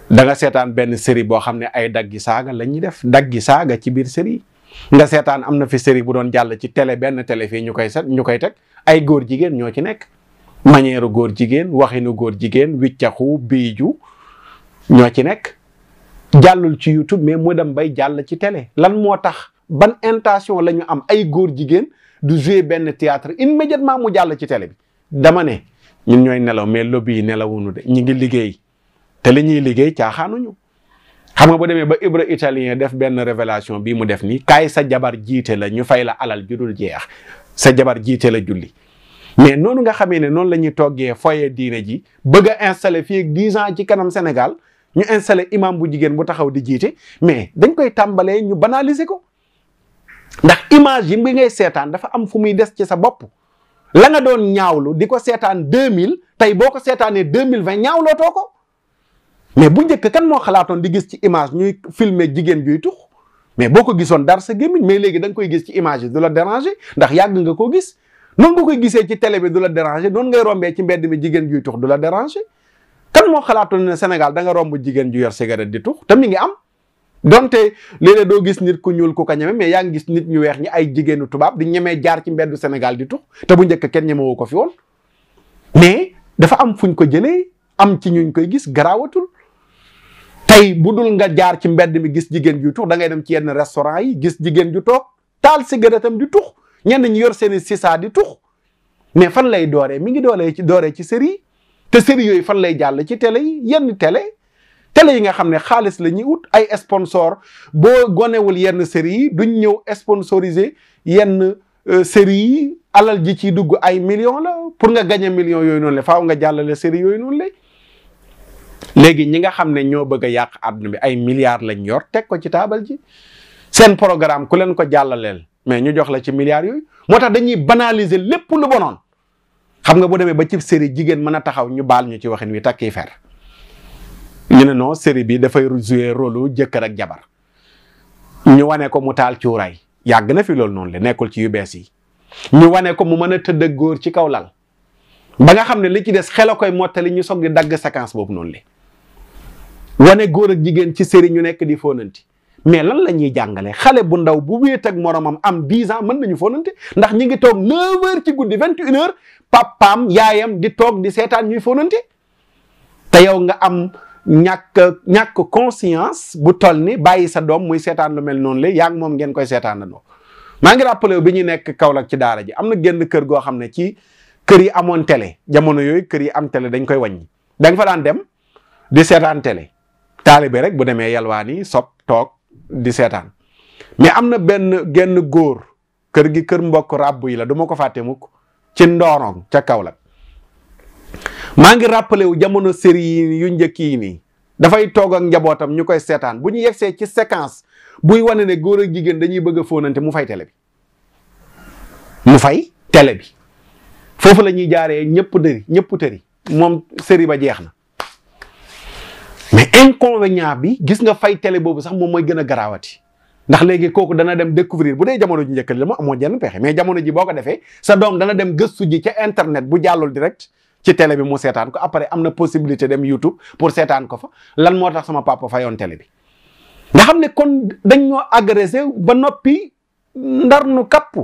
da seetaan benn seri boo xam ne ay daggi saaga la ñuy def daggi saaga ci biir série nga seetaan am na fi bu doon jàll ci télé benn télé fii ñu koy set ñu koy teg ay góor jigéen ñoo ci nekk manière góor jigéen waxinu góor jigéen wiccaxu biiju ñoo ci nekk jàllul ci YouTube mais mu dem bay jàll ci télé lan moo tax ban intention lañu am ay góor jigéen du jouer benn théâtre immédiatement mu jàll ci télé bi dama ne ñun ñooy nelaw mais lobby yi nelawunu de ñi ngi liggéey te li ñuy liggéey caaxaanuñu xam nga bu demee ba Ibra italien def benn révélation bii mu def nii kay sa jabar jiite la ñu fay la alal ju dul jeex sa jabar jiite la julli mais noonu nga xamee ne noonu la ñuy toggee foyer diine ji bëgg a installé fii ak dix ci kanam Sénégal ñu installé imam bu jigéen bu taxaw di jiite mais dañ koy tàmbalee ñu banaliser ko ndax image yi bi ngay seetaan dafa am fu muy des ci sa bopp la nga doon ñaawlu di ko seetaan deux mille tey boo ko seetaanee deux mille vingt ñaawloo too mais bu njëkk kan moo xalaatoon di gis ci image ñuy filmer jigéen juy tux mais boo ko gisoon dar sa gémmiñ mais léegi da koy gis ci image yi du la déranger ndax yàgg nga ko gis noonu nga koy gisee ci télé bi du la déranger noonu ngay rombee ci mbedd mi jigéen juy tux du la déranger kan moo xalaatoon ne Sénégal da nga romb jigéen ju yor cigarette di tux te mi ngi am donte léeg doo gis nit ku ñuul ku ko ñeme mais yaa ngi gis nit ñu weex ñi ay jigéenu tubaab di ñemee jaar ci mbeddu Sénégal di tux te bu njëkk kenn ñemewu ko fi woon dafa am fuñ ko jëlee am ci ñuñ koy gis garaawatul tey bu dul nga jaar ci mbedd mi gis jigéen ju tux dangay dem ci yenn restaurant yi gis jigéen ju toog taal cigarette am di tux ñenn ñi yor seen i di tux mais fan lay dooree mi ngi doolee ci dooree ci série te série yooyu fan lay jàll ci télé yi yenn tele télé yi nga xam ne xaalis la ñuy ut ay sponsor boo gonewul yenn série yi duñ ñëw sponsoriser yenn euh, série yi alal ji ci dugg ay millions la pour nga gagner millions yooyu noon la faaw nga jàllale série yooyu noonu la léegi ñi nga xam ne ñoo bëgg a yàq àdduna bi ay milliards lañ yor teg ko ci taabal ji seen programme ku leen ko jàllaleel mais ñu jox la ci milliards yooyu moo tax dañuy banaliser lépp lu bonoon xam nga boo demee ba ci série jigéen mën a taxaw ñu baal ñu ci waxin wi takki fer ñu ne noon seri bi dafay jouer wu jëkkër ak jabar ñu wane ko mu taal cuuraay yàgg na fi loolu noonu la nekkul ci yu bees yi ñu wane ko mu mën a tëdd góor ci kaw lal ba nga xam ne li ci des xel a koy mottali ñu soog di dagg séquence boobu noonu li wane góor ak jigéen ci série ñu nekk di fóonanti mais lan la ñuy jàngalee xale bu ndaw bu wéet ak moromam am 10 ans mën nañu fóonante ndax ñi ngi toog 9 heures ci guddi 21 heures papaam yaayam di toog di seetaan ñuy fóonante te yow nga am ñàkk ñàkk conscience bu toll ni bàyyi sa doom muy seetaan lu mel noonu la yaa ngi moom ngeen koy seetaan seetaanandoo maa ngi rappelé bi ñu nekk Kaolack ci daara ji am na genn kër goo xam ne ci. kër yi amoon télé jamono yooyu kër yi am dañ koy wàññi da nga fa daan dem di seetaan télé taalibe rek bu demee yalwaani sob toog di seetaan mais am na benn genn góor kër gi kër mbokk ràbb yi la du ko fàtte mukk ci Ndorong ca Kaolack maa ngi rappelé wu jamono série yu njëkk yi nii dafay toog ak njabootam ñu koy seetaan bu ñu yegsee ci séquence buy wane ne góor ak jigéen dañuy bëgg a fóonante mu fay télé bi mu fay télé bi foofu la ñuy jaaree ñëpp dëri ñëpp tëri moom série ba jeex na mais inconvénient bi gis nga fay tele boobu sax moom mooy gën a garaawati ndax léegi kooku dana dem découvrir bu dee jamono ji njëkk la ma amoon jenn pexe mais jamono ji boo ko defee sa doom dana dem gëstu ji ca internet bu jàllul direct ci télé bi mu seetaan ko après am na possibilité dem YouTube pour seetaan ko fa lan moo tax sama papa fayoon télé bi nga xam ne kon dañ ñoo agressé ba noppi ndar nu kapp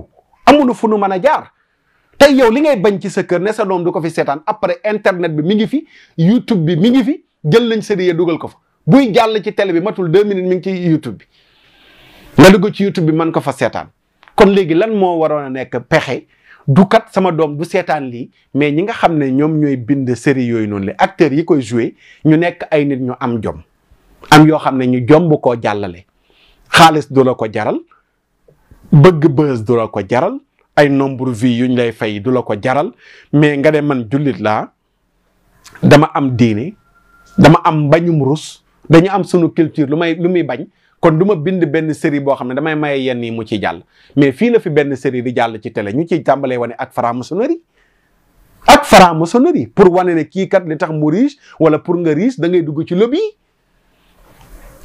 amuñu fu nu mën a jaar tey yow li ngay bañ ci sa kër ne sa doom du ko fi seetaan après internet bi mi ngi fi YouTube bi mi ngi fi jël nañ série dugal ko fa buy jàll ci télé bi matul deux minutes mi ngi ci YouTube bi nga dugg ci YouTube bi mën ko fa seetaan kon léegi lan moo waroon a nekk pexe du kat sama doom du seetaan lii mais ñi nga xam ne ñoom ñooy bind série yooyu noonu le acteurs yi koy joué ñu nekk ay nit ñu am jom am yoo xam ne ñu jomb koo jàllale xaalis du la ko jaral bëgg bës ko jaral ay nombre vie yuñ lay fay du la ko jaral mais nga ne man jullit laa dama am diine dama am bañum rus dañu am sunu culture lu may lu muy bañ kon du ma bind benn seri boo xam ne damay maye yenn yi mu ciy jàll mais fii la fi benn série di jàll ci tele ñu ciy tàmbalee wane ak franc-maçonnerie ak franc-maçonnerie pour wane ne kii kat li tax mu riche wala pour nga riche da ngay dugg ci lobby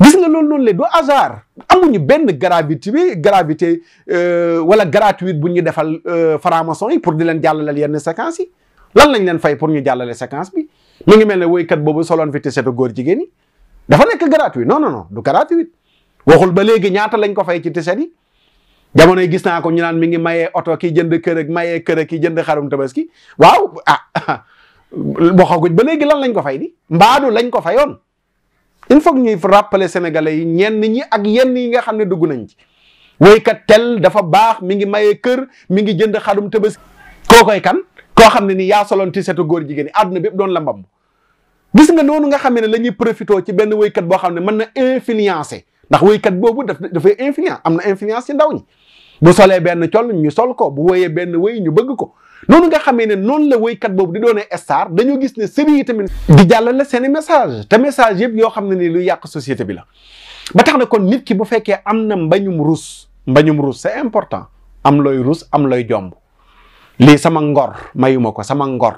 gis nga loolu noonu la du hasard amuñu benn gravité bi gravité euh, wala gratuite bu ñu defal euh, franc-maçon yi pour di leen jàllaleel yenn séquence yi lan lañ leen fay pour ñu jàllale séquence bi mu ngi mel ne woykat boobu soloon fi te seetu góor jigéen ñi dafa nekk gratuit non non non du gratuit waxul ba léegi ñaata lañ ko fay ci tiset yi jamono yi gis naa ko ñu naan mi ngi mayee oto ki jënd kër maye mayee kër ak ki jënd xarum tabaski waaw ah (laughs) waxaguñ ba léegi lan lañ ko fay di mbaadu lañ ko fayoon il faut que ñuy rappeler sénégalais yi ñenn ñi ak yenn yi nga xam ne dugg nañ ci woykat tel dafa baax mi ngi maye kër mi ngi jënd xarum tëbës koy kan koo xam ne ni yaa soloon ti setu góor jigéen yi àdduna bépp doon la mbamb gis nga noonu nga xamee ne la ñuy ci benn woykat boo xam ne mën na influencer ndax woykat boobu daf dafay influence am na influence ci ndaw ñi bu solee benn col ñu sol ko bu woyee benn woy ñu bëgg ko noonu nga xamee ne noonu la woykat boobu di doonee star dañoo gis ne série yi tamit di jàllale seeni message te message yëpp yoo xam ne ni lu yàq société bi la ba tax na kon nit ki bu fekkee am na mbañum ruus mbañum ruus c'est important am looy ruus am looy jomb lii sama ngor mayuma ko sama ngor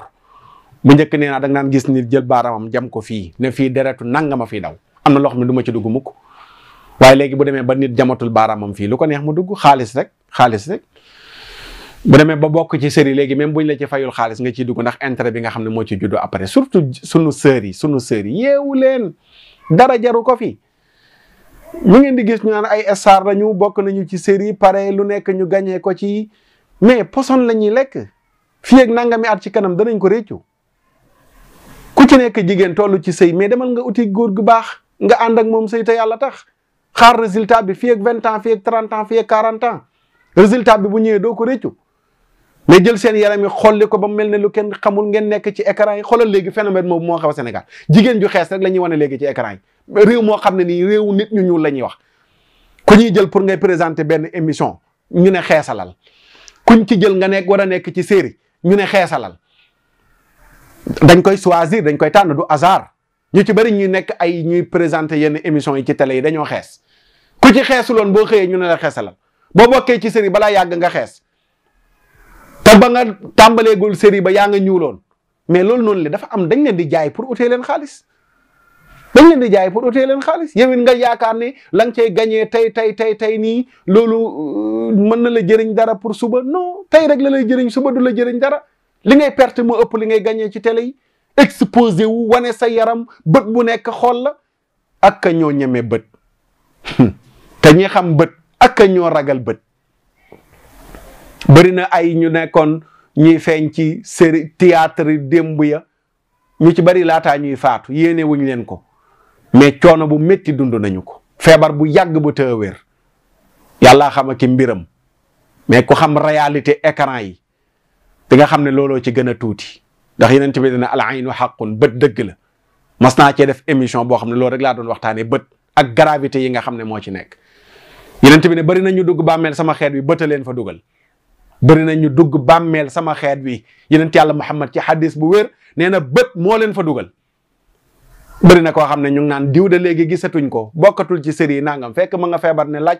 bu njëkk nee naa da naan gis nit jël baaraamam jam ko fii ne fii deretu ma fii daw am na loo xam ne du ma ci dugg mukk waaye léegi bu demee ba nit jamatul baaraamam fii lu ko neex mu dugg xaalis rek xaalis rek bu demee ba bokk ci sër yi léegi même buñ la ci fayul xaalis nga ciy dugg ndax intérêt bi nga xam ne moo ci juddoo après surtout sunu sër yi sunu sër yee yeewu leen dara jaru ko fi. ñu ngeen di gis ñu naan ay star lañu bokk nañu ci sër yi pare lu nekk ñu gañee ko ci mais poson la ñuy lekk fii ak nangami at ci kanam danañ ko réccu ku ci nekk jigéen toll ci sëy mais demal nga uti góor gu baax nga ànd ak moom sëy te yàlla tax xaar résultat bi fii ak vingt ans fii ak trente ans fii ak résultat bi bu ñëwee doo ko réccu mais jël seen yaram yi xolli ko ba mel ne lu kenn xamul ngeen nekk ci écran yi xoolal léegi phénomène moom moo xew Sénégal jigéen ju xees rek la ñuy wane léegi ci écran yi réew moo xam ne nii réew nit ñu ñuul la ñuy wax ku ñuy jël pour ngay présenter benn émission ñu ne xeesalal kuñ ci jël nga nekk war a nekk ci série ñu ne xeesalal dañ koy choisir dañ koy tànn du hasard ñu ci bëri ñuy nekk ay ñuy présenter yenn émission yi ci télé yi dañoo xees ku ci loon boo xëyee ñu ne la xeesalal boo bokkee ci série balaa yàgg nga te ba nga tàmbaleegul série ba yaa nga ñuuloon mais loolu noonu le dafa am dañ leen di jaay pour utee leen xaalis dañ leen di jaay pour utee leen xaalis yow it nga yaakaar ne la nga cay gañee tey tey tey tey nii loolu euh, mën na la jëriñ dara pour suba non tey rek la lay jëriñ suba du la jëriñ dara li ngay perte moo ëpp li ngay gañee ci télé yi exposé wu wane sa yaram bët bu nekk xool la ak ñoo ñeme bët hmm. te ñi xam bët ak ñoo ragal bët bari na ay ñu nekkoon ñuy feeñ ci série théâtre démb ya ñu ci bëri laataa ñuy faatu yéene wuñ leen ko mais coono bu métti dund nañu ko feebar bu yàgg bu tëw wér yàllaa xam ak mbiram mais ku xam réalité écran yi di nga xam ne looloo ci gën a tuuti ndax yeneen bi dina al aynu xaqun bët dëgg la mas naa cee def émission boo xam ne loolu rek laa doon waxtaanee bët ak gravité yi nga xam ne moo ci nekk yeneen bi ne bari na ñu dugg bàmmeel sama xeet wi bëta leen fa dugal bëri na ñu dugg bàmmeel sama xeet wi yonent yàlla Muhammad ci hadis bu wér nee na bët moo fa dugal bëri na koo xam ne ñu ngi naan diw de léegi gisatuñ ko bokkatul ci sëriñ nangam fekk ma nga feebar ne laaj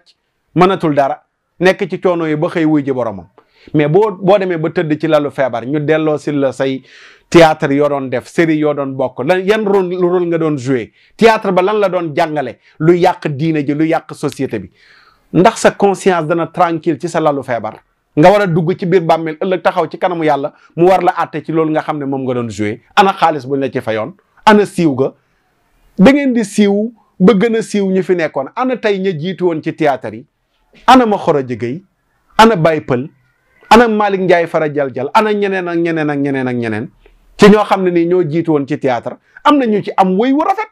mënatul dara nekk ci coono yi ba xëy wuy ji boromam. mais boo boo demee ba tëdd ci lalu feebar ñu delloo si la say théâtre yoo doon def série yoo doon bokk lan yan rôle rôle nga doon joué théâtre ba lan la doon jàngale lu yàq diina ji lu yàq société bi ndax sa conscience dana tranquille ci sa lalu feebar nga war a dugg ci biir bàmmeel ëllëg taxaw ci kanamu yàlla mu war la àtte ci loolu nga xam ne moom nga doon joué ana xaalis buñ la ci fayoon ana siiw ga da ngeen di siiw bëgg na a siiw ñu fi nekkoon ana tey ña jiitu woon ci théâtre yi ana ma xoro jigéey ana Baye Pël ana Malick Ndiaye fara jal-jal ana ñeneen ak ñeneen ak ñeneen ak ñeneen ci ñoo xam ne nii ñoo jiitu woon ci théâtre am na ñu ci am woy wu rafet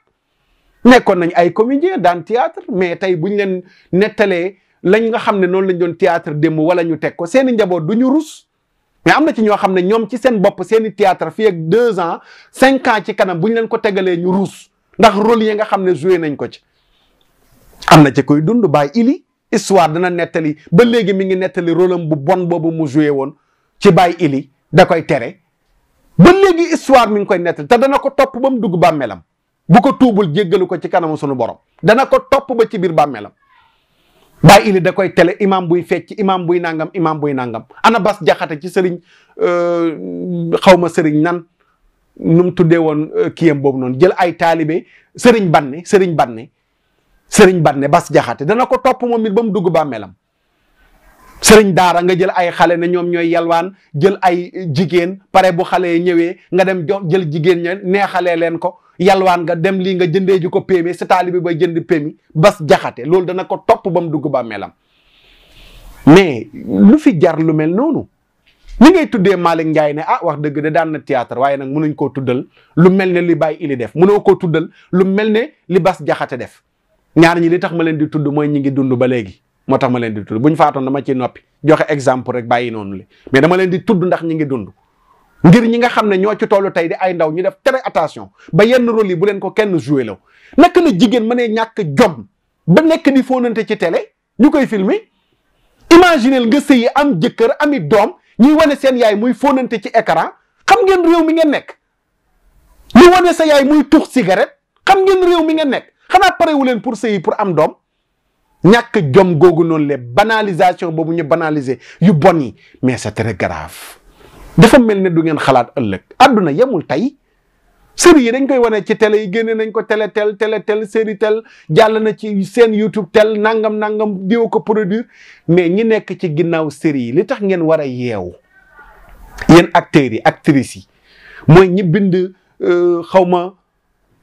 nekkoon nañ ay comédien daan théâtre mais tey ñu leen nettalee lañ nga xam ne noonu lañ doon théâtre démb wala ñu teg ko seeni njaboot du ñu rus mais am na ci ñoo xam ne ñoom ci seen bopp seeni i théâtre fii deux ans cinq ans ci kanam bu ñu leen ko tegalee ñu rus ndax rôle yi nga xam ne joué nañ ko ci am na ci koy dund baay ili histoire dana nettali ba léegi mi ngi nettali rolam bu bon boobu mu joué woon ci bàyyi ili da koy tere ba léegi histoire mi ngi koy nettali te dana ko topp ba mu dugg bàmmeelam bu ko tuubul jéggalu ko ci kanamu sunu borom dana ko topp ba ci biir bàmmeelam Baay Ili da koy tele imam buy fecc imam buy nangam imam buy nangam ana Bas Jaxate ci sëriñ euh, xaw ma sëriñ nan nu mu tuddee woon euh, kiyam boobu noonu jël ay taalibe sëriñ banne sëriñ banne sëriñ banne Bas Jaxate dana ko topp moom it ba mu dugg bàmmeelam sëriñ daara nga jël ay xale ne ñoom ñooy yalwaan jël ay jigéen pare bu xale ñëwee nga dem jox jël jigéen ña neexalee leen ko yalwaan nga dem lii nga jëndee ji ko péemi sa taalibe ba jënd péemi bas jaxate loolu dana ko topp ba mu dugg bàmmeelam mais lu fi jar lu mel noonu li ngay tuddee Malick Ndiaye ne ah wax dëgg de daan na théâtre waaye nag mënuñ koo tuddal lu mel ne li Baye Ili def mënoo koo tuddal lu mel ne li Bas Jaxate def ñaar ñi li tax ma leen di tudd mooy ñi ngi dund ba léegi moo tax ma leen di tudd bu ñu faatoon dama ciy noppi joxe exemple rek bàyyi noonu li mais dama leen di tudd ndax ñi ngi dund ngir ñi nga xam ne ñoo ci tollu tey di ay ndaw ñu def tere attention ba yenn rôle yi bu leen ko kenn joué la naka la jigéen mënee ñàkk jom ba nekk di fóonante ci télé ñu koy filmer imagineel nga sëyi am jëkkër ami doom ñuy wane seen yaay muy fóonante ci écran xam ngeen réew mi ngeen nekk ñu wane sa yaay muy tux cigarette xam ngeen réew mi ngeen nekk xanaa parewu leen pour sëyi pour am doom ñàkk jom googu noonu le banalisation boobu ñu banaliser yu bon yi mais c'est très grave dafa mel ne du ngeen xalaat ëllëg àdduna yemul tey série yi dañ koy wane ci tele yi génne nañ ko télé tel télé tel série tel jàll na ci seen YouTube tel nangam nangam diwa ko produit mais ñi nekk ci ginnaaw série yi li tax ngeen war a yeewu yéen acteurs yi actrices yi mooy ñi bind euh, xaw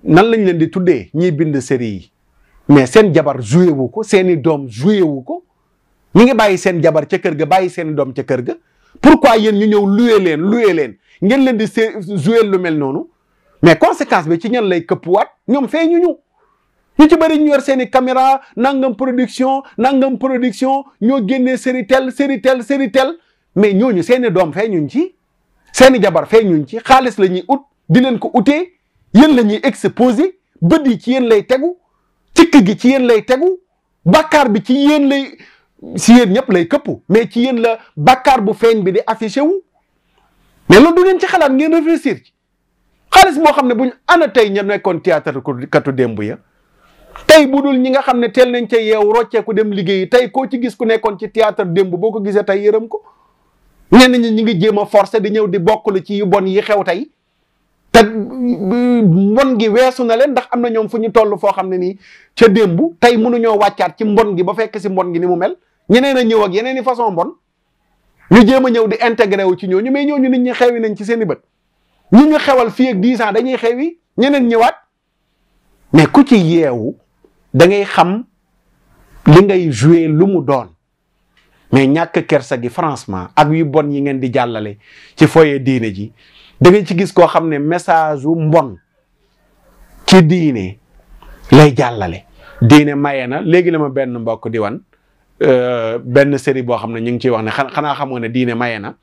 nan lañ leen di tuddee ñiy bind série yi mais seen jabar joué wu ko seen i doom joué wu ko ñi ngi bàyyi seen jabar ca kër ga bàyyi seen i doom ca kër ga pourquoi yéen ñu ñëw loué leen loué leen ngeen leen di see joué lu mel noonu mais conséquence bi ci ñan lay këppwaat ñoom fee ñu ñu ñu ci bëri ñu yor seen i caméra nangam production nangam production ñoo génnee série tel série tel série tel mais ñooñu seen i doom fee ñuñ ci seen i jabar fee ñuñ ci xaalis la ñuy ut dileen leen ko utee yéen la ñuy exposé bët yi ci yéen lay tegu cikk gi ci yéen lay tegu bàkkaar bi ci yéen lay si yéen ñëpp lay këppu mais ci yéen la bàkkaar bu feeñ bi di affiché wu mais loolu du ngeen ci xalaat ngeen réfléchir ci xaalis boo xam ne buñ ana tey ña nekkoon théâtre katu démb ya tey bu dul ñi nga xam ne teel nañ ca yeew rocceeku dem liggéeyi tey koo ci gis ku nekkoon ci théâtre démb boo ko gisee tey yërëm ko ñenn ñi ñu ngi jéem a forcé di ñëw di bokklu ci yu bon yi xew tey te mbon gi weesu na leen ndax am na ñoom fu ñu toll foo xam ne nii ca démb tey mënuñoo wàccaat ci mbon gi ba fekk si mbon gi ni mu mel ñeneen a ñëw ak yeneen i façon mbon ñu jéem a ñëw di intégré wu ci ñooñu mais ñooñu nit ñi xewi nañ ci seeni bët ñi ñu xewal fii ak 10 ans dañuy xewi ñeneen ñëwaat mais ku ci yeewu da ngay xam li ngay joué lu mu doon mais ñàkk kerse gi franchement ak yu bon yi ngeen di jàllale ci foyer diine ji da ngeen ci gis koo xam ne message wu mbon ci diine lay jàllale diine maye na léegi la ma benn mbokk di wan Euh, benn seri boo xam ne ñu ngi ciy wax ne xam xamoo ne diine maye na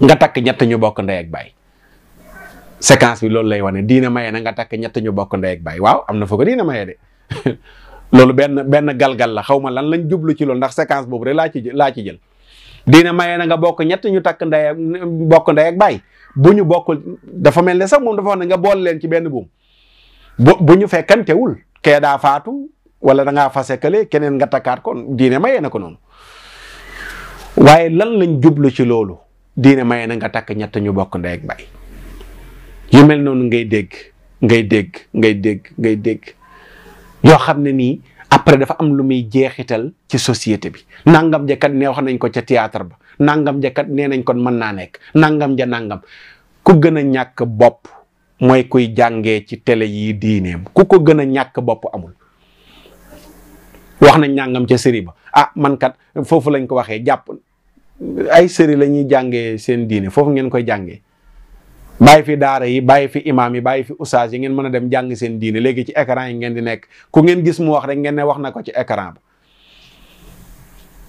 nga takk ñett ñu bokk ndey ak baay séquence bi loolu lay wane diine maye na nga takk ñett ñu bokk ndey ak baay waaw am na fa ko diine de (laughs) loolu benn benn galgal la xaw ma lan lañ jublu ci loolu ndax séquence boobu rek laa ci laa ci jël diine maye na nga bokk ñett ñu takk ndey ak bokk ndey ak bu ñu bokkul dafa mel ne sax moom dafa wax ne nga bool leen ci benn buum bu bu ñu fekkantewul kee daa faatu wala da ngaa fase kale keneen nga takkaat kon diine mayee na ko noonu waaye lan lañ jublu ci loolu diine may na nga takk ñett ñu bokk ndey ak baay yu mel noonu ngay dégg ngay dégg ngay dégg ngay dégg yoo xam ne nii après dafa am lu muy jeexital ci société bi nangam ja kat nañ ko ca théâtre ba nangam ja kat nañ kon mën naa nekk nangam ja nangam ku gën a ñàkk bopp mooy kuy jàngee ci télé yi diineem ku ko gën a ñàkk bopp amul wax nañ ñàngam ca série ba ah man kat foofu lañ ko waxee jàpp ay série la ñuy jàngee seen diine foofu ngeen koy jàngee bàyyi fi daara yi bàyyi fi imaam yi bàyyi fi oustaz yi ngeen mën a dem jàng seen diine léegi ci écran yi ngeen di nekk ku ngeen gis mu wax rek ngeen ne wax na ko ci écran ba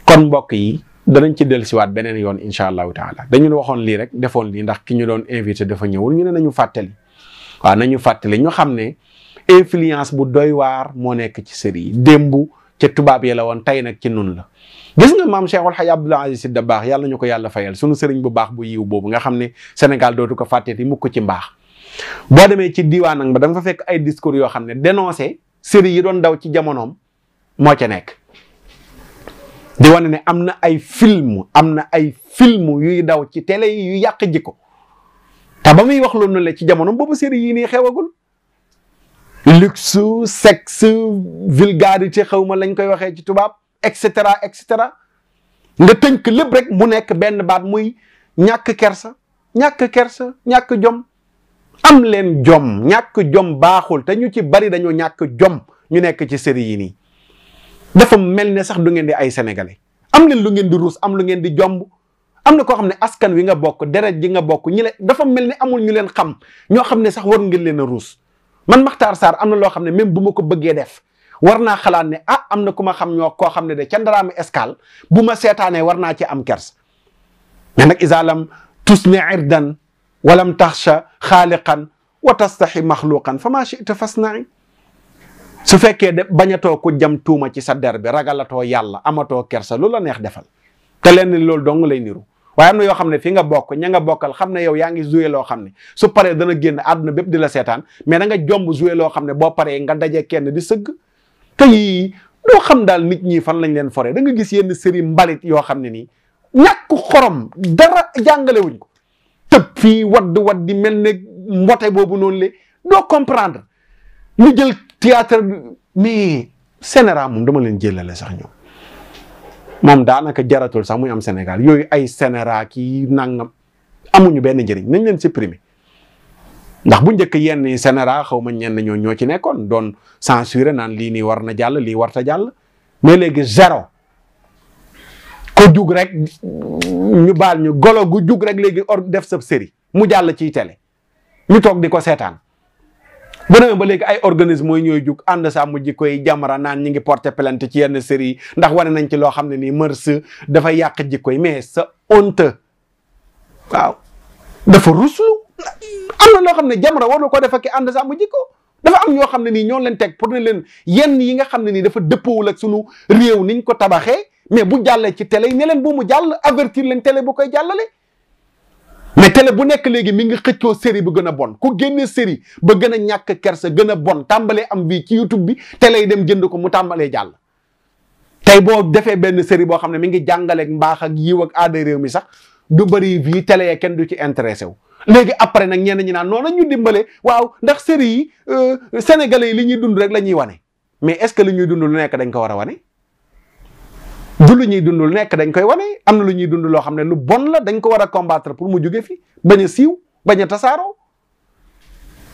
kon mbokk yi danañ ci dellusiwaat beneen yoon incha allahu taala dañu waxoon lii rek defoon lii ndax ki ñu doon invité dafa ñëwul ñu ne nañu fàttali waaw nañu fàttali ñu xam ne influence bu doy waar moo nekk ci série démb ca tubaab ya la woon tey nag ci nun la gis nga maam Cheikhul Hadji Abdoul Aziz Sy baax yàlla ñu ko yàlla fayal sunu seriñ bu baax bu yiw boobu nga xam ne Sénégal dootu ko fàtteeti mukk ci mbaax boo demee ci diwaanam ba da nga fa ay discours yoo xam ne dénoncé série yi doon daw ci jamonoom moo ca nekk di wane ne am na ay film am na ay film yuy daw ci télé yi yu yàq jikko te ba muy wax loolu la ci jamonoom boobu série yi nii xewagul luxe sexe vulgarité ci xawma lañ koy waxee ci tubaab et cetera et cetera nga tënk lépp rek mu nekk benn baat muy ñàkk kersa ñàkk kersa ñàkk jom am leen jom ñàkk jom baaxul te ñu ci bari dañoo ñàkk jom ñu nekk ci série yi nii dafa mel ne sax du ngeen di ay sénégalais am leen lu ngeen di ruus am lu ngeen di jomb am na koo xam ne askan wi nga bokk deret ji nga bokk ñu le dafa mel ne amul ñu leen xam ñoo xam ne sax war ngeen leen a ruus man Makhtar Sarr am na loo xam ne même bu ma ko bëggee def war naa xalaat ne ah am na ku ma xam ñoo koo xam ne de ca Ndaraama Escale bu ma seetaanee war naa ci am kers mais nag isaalam tusni irdan walam taxsha xaaliqan wa tastaxi maxluqan fa maa chita fasnai su fekkee de bañatoo ko jam tuuma ci sa der bi ragalatoo yàlla amatoo kersa lu la neex defal te leen loolu dong lay niru waaye am na yoo xam ne fi nga bokk ña nga bokkal xam ne yow yaa ngi joué loo xam ne su paree dana génn àdduna bépp di la seetaan mais da nga jomb joué loo xam ne boo pare nga daje kenn di sëgg te doo xam daal nit ñi fan lañ leen fore danga gis yenn série mbalit yoo xam ne nii ñàkk xorom dara jàngale wuñ ko tëb fii wadd wadd di mel ne mbote boobu noonu le doo comprendre ñu jël théâtre mais scénario moom dama leen jëlale sax ñoom moom daanaka jaratul sax muy am Sénégal yooyu ay sénéra kii nangam amuñu benn njëriñ nañ leen supprimer ndax bu njëkk yenn sénéra xaw ma ñenn ñoo ñoo ci nekkoon doon censuré naan lii nii war na jàll lii warta jàll mais léegi zéro ko jug rek ñu baal ñu golo gu jug rek léegi or def sa série mu jàll ci tele ñu toog di ko seetaan bu demee ba léegi ay organisme mooy ñooy jug ànd sàmm jikko yi Jamra naan ñi ngi porter plainte ci yenn série ndax wane nañ ci loo xam ne nii mërs dafa yàq jikko yi mais sa honte waaw dafa ruslu am na loo xam ne Jamra warul ko defa ki ànd sàmm jikko dafa am yoo xam ne nii ñoo leen teg pour ne leen yenn yi nga xam ne nii dafa dëppowul ak sunu réew niñ ko tabaxee mais bu jàllee ci télé ne leen bu mu jàll avertir leen télé bu koy jàllale mais télé bu nekk léegi mi ngi xëccoo seri bu gën a bon ku génne seri ba gën a ñàkk kersa gën a bon tàmbalee am bii ci YouTube bi télé yi dem jënd ko mu tàmbalee jàll. tey boo defee benn seri boo xam ne mi ngi jàngaleeg mbaax ak yiw ak aada réew mi sax du bëri bii télé ya kenn du ci intéressé wu. léegi après nag ñenn ñi naan noonu ñu dimbale waaw ndax seri yi euh, sénégalais yi li ñuy dund rek la ñuy wane mais est-ce que li ñuy dundu lu nekk dañ ko war a wane. du lu ñuy dundu lu nekk dañ koy wane am na lu ñuy dund loo xam ne lu bon la dañ ko war a combattre pour mu jóge fi bañ a siiw bañ a tasaaroo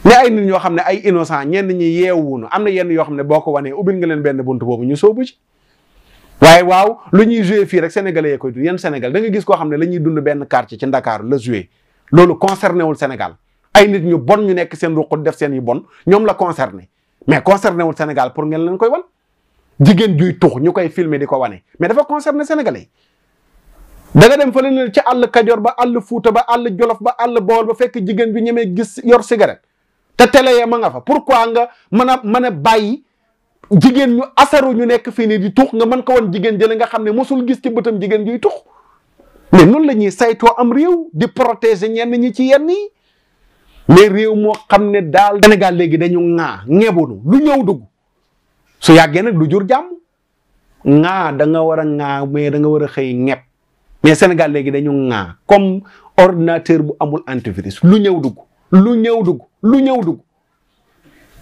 mais ay nit ñoo xam ne ay innocent ñenn ñi yeewuñu am na yenn yoo xam ne boo ko wanee ubbil nga leen benn buntu boobu ñu soobu ci. waaye waaw lu ñuy joué fii rek sénégalais yee koy dund yenn senegal da nga gis koo xam ne la ñuy dund benn quartier ci Ndakaaru la joué loolu concerné wul Sénégal ay nit ñu bon ñu nekk seen ruq def seen yu bon ñoom la concerné mais concerné wul Sénégal pour ngeen leen koy wan. jigéen juy tux ñu koy filmer di ko wane mais dafa concerné sénégalais da nga dem fële ne ci àll Kajoor ba àll Fuuta ba àll Jolof ba àll Bawol ba fekk jigéen bi ñemee gis yor cigarette te télé ya ma nga fa pourquoi nga mën a mën a bàyyi jigéen ñu asaru ñu nekk fii nii di tux nga mën ko wan jigéen jële nga xam ne mosul gis ci bëtam jigéen juy tux mais noonu la ñuy saytoo am réew di protéger ñenn ñi ci yenn yi mais réew moo xam ne daal Sénégal léegi dañu ŋaa ñebunu lu ñëw dugg su yàggee nag lu jur jàmm ŋaa da nga war a ŋaa mais da nga war a xëy ñepp mais Sénégal léegi dañu ŋaa comme ordinateur bu amul antivirus lu ñëw dugg lu ñëw dugg lu ñëw dugg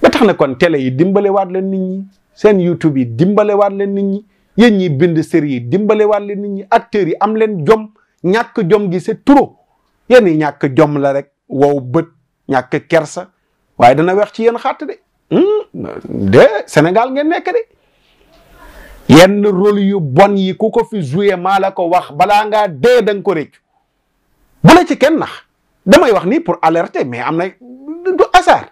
ba tax na kon télé yi dimbalewaat leen nit ñi seen YouTube yi dimbalewaat leen nit ñi yéen ñiy bind série yi dimbalewaat leen nit ñi acteurs yi am leen jom ñàkk jom gi c'est turo yéen ñi ñàkk jom la rek wow bët ñàkk kersa waaye dana weex ci yéen xàtt de de Sénégal ngeen nekk de yenn rôle yu bon yi ku ko fi joué maa la ko wax balaa ngaa dee da ko réccu bu ci kenn nax damay wax ni pour alerter mais am na du hasard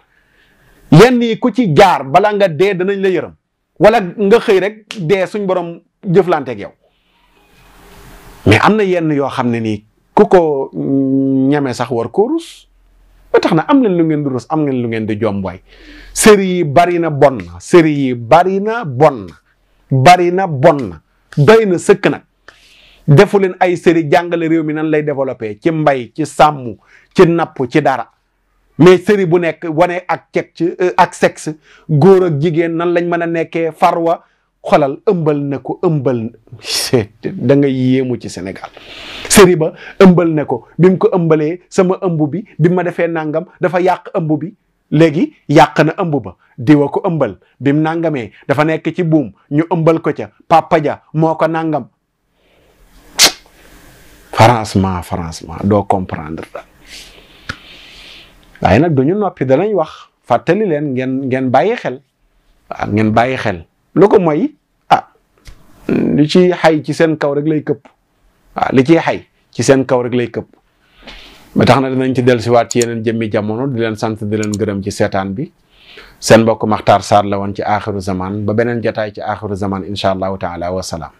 yenn yi ku ci jaar bala nga dee danañ la yërëm wala nga xëy rek dee suñ borom jëflanteeg yow mais am na yenn yoo xam ne nii ku ko mm, ñeme sax war ko rus ba tax na am leen lu di rus am ngeen lu ngeen di jombooy seri yi bari na bon na yi bari na bon na bari na bon na doy na sëkk nag defu leen ay série jàngale réew mi nan lay développé ci mbay ci sàmm ci nappu ci dara mais seri bu nekk wane ak ceg euh, ci ak sexe góor ak jigéen nan lañ mën a nekkee farwa xolal ëmbal na ko ëmbal da nga yéemu ci Sénégal série ba ëmbal na ko bi mu ko ëmbalee sama ëmb bi bi ma defee nangam dafa yàq ëmb bi léegi yàq na ëmb ba diwa ko ëmbal bim mu nangamee dafa nekk ci buum ñu ëmbal ko ca papa moo ko nangam franchement franchement doo comprendre da waaye nag duñu noppi danañ wax fàttali leen ngeen ngeen bàyyi xel waaw ngeen bàyyi xel lu ko mooy ah li ciy xay ci seen kaw rek lay këpp waaw ah, li ciy xay ci seen kaw rek lay këpp ba tax na dinañ ci dellusiwaat ci yeneen jëmmi jamono di leen sant di leen gërëm ci seetaan bi seen mbokk Makhtar Sarr la woon ci aaxiru zaman ba beneen jataay ci aaxiru zaman incha allahu taala wa salaam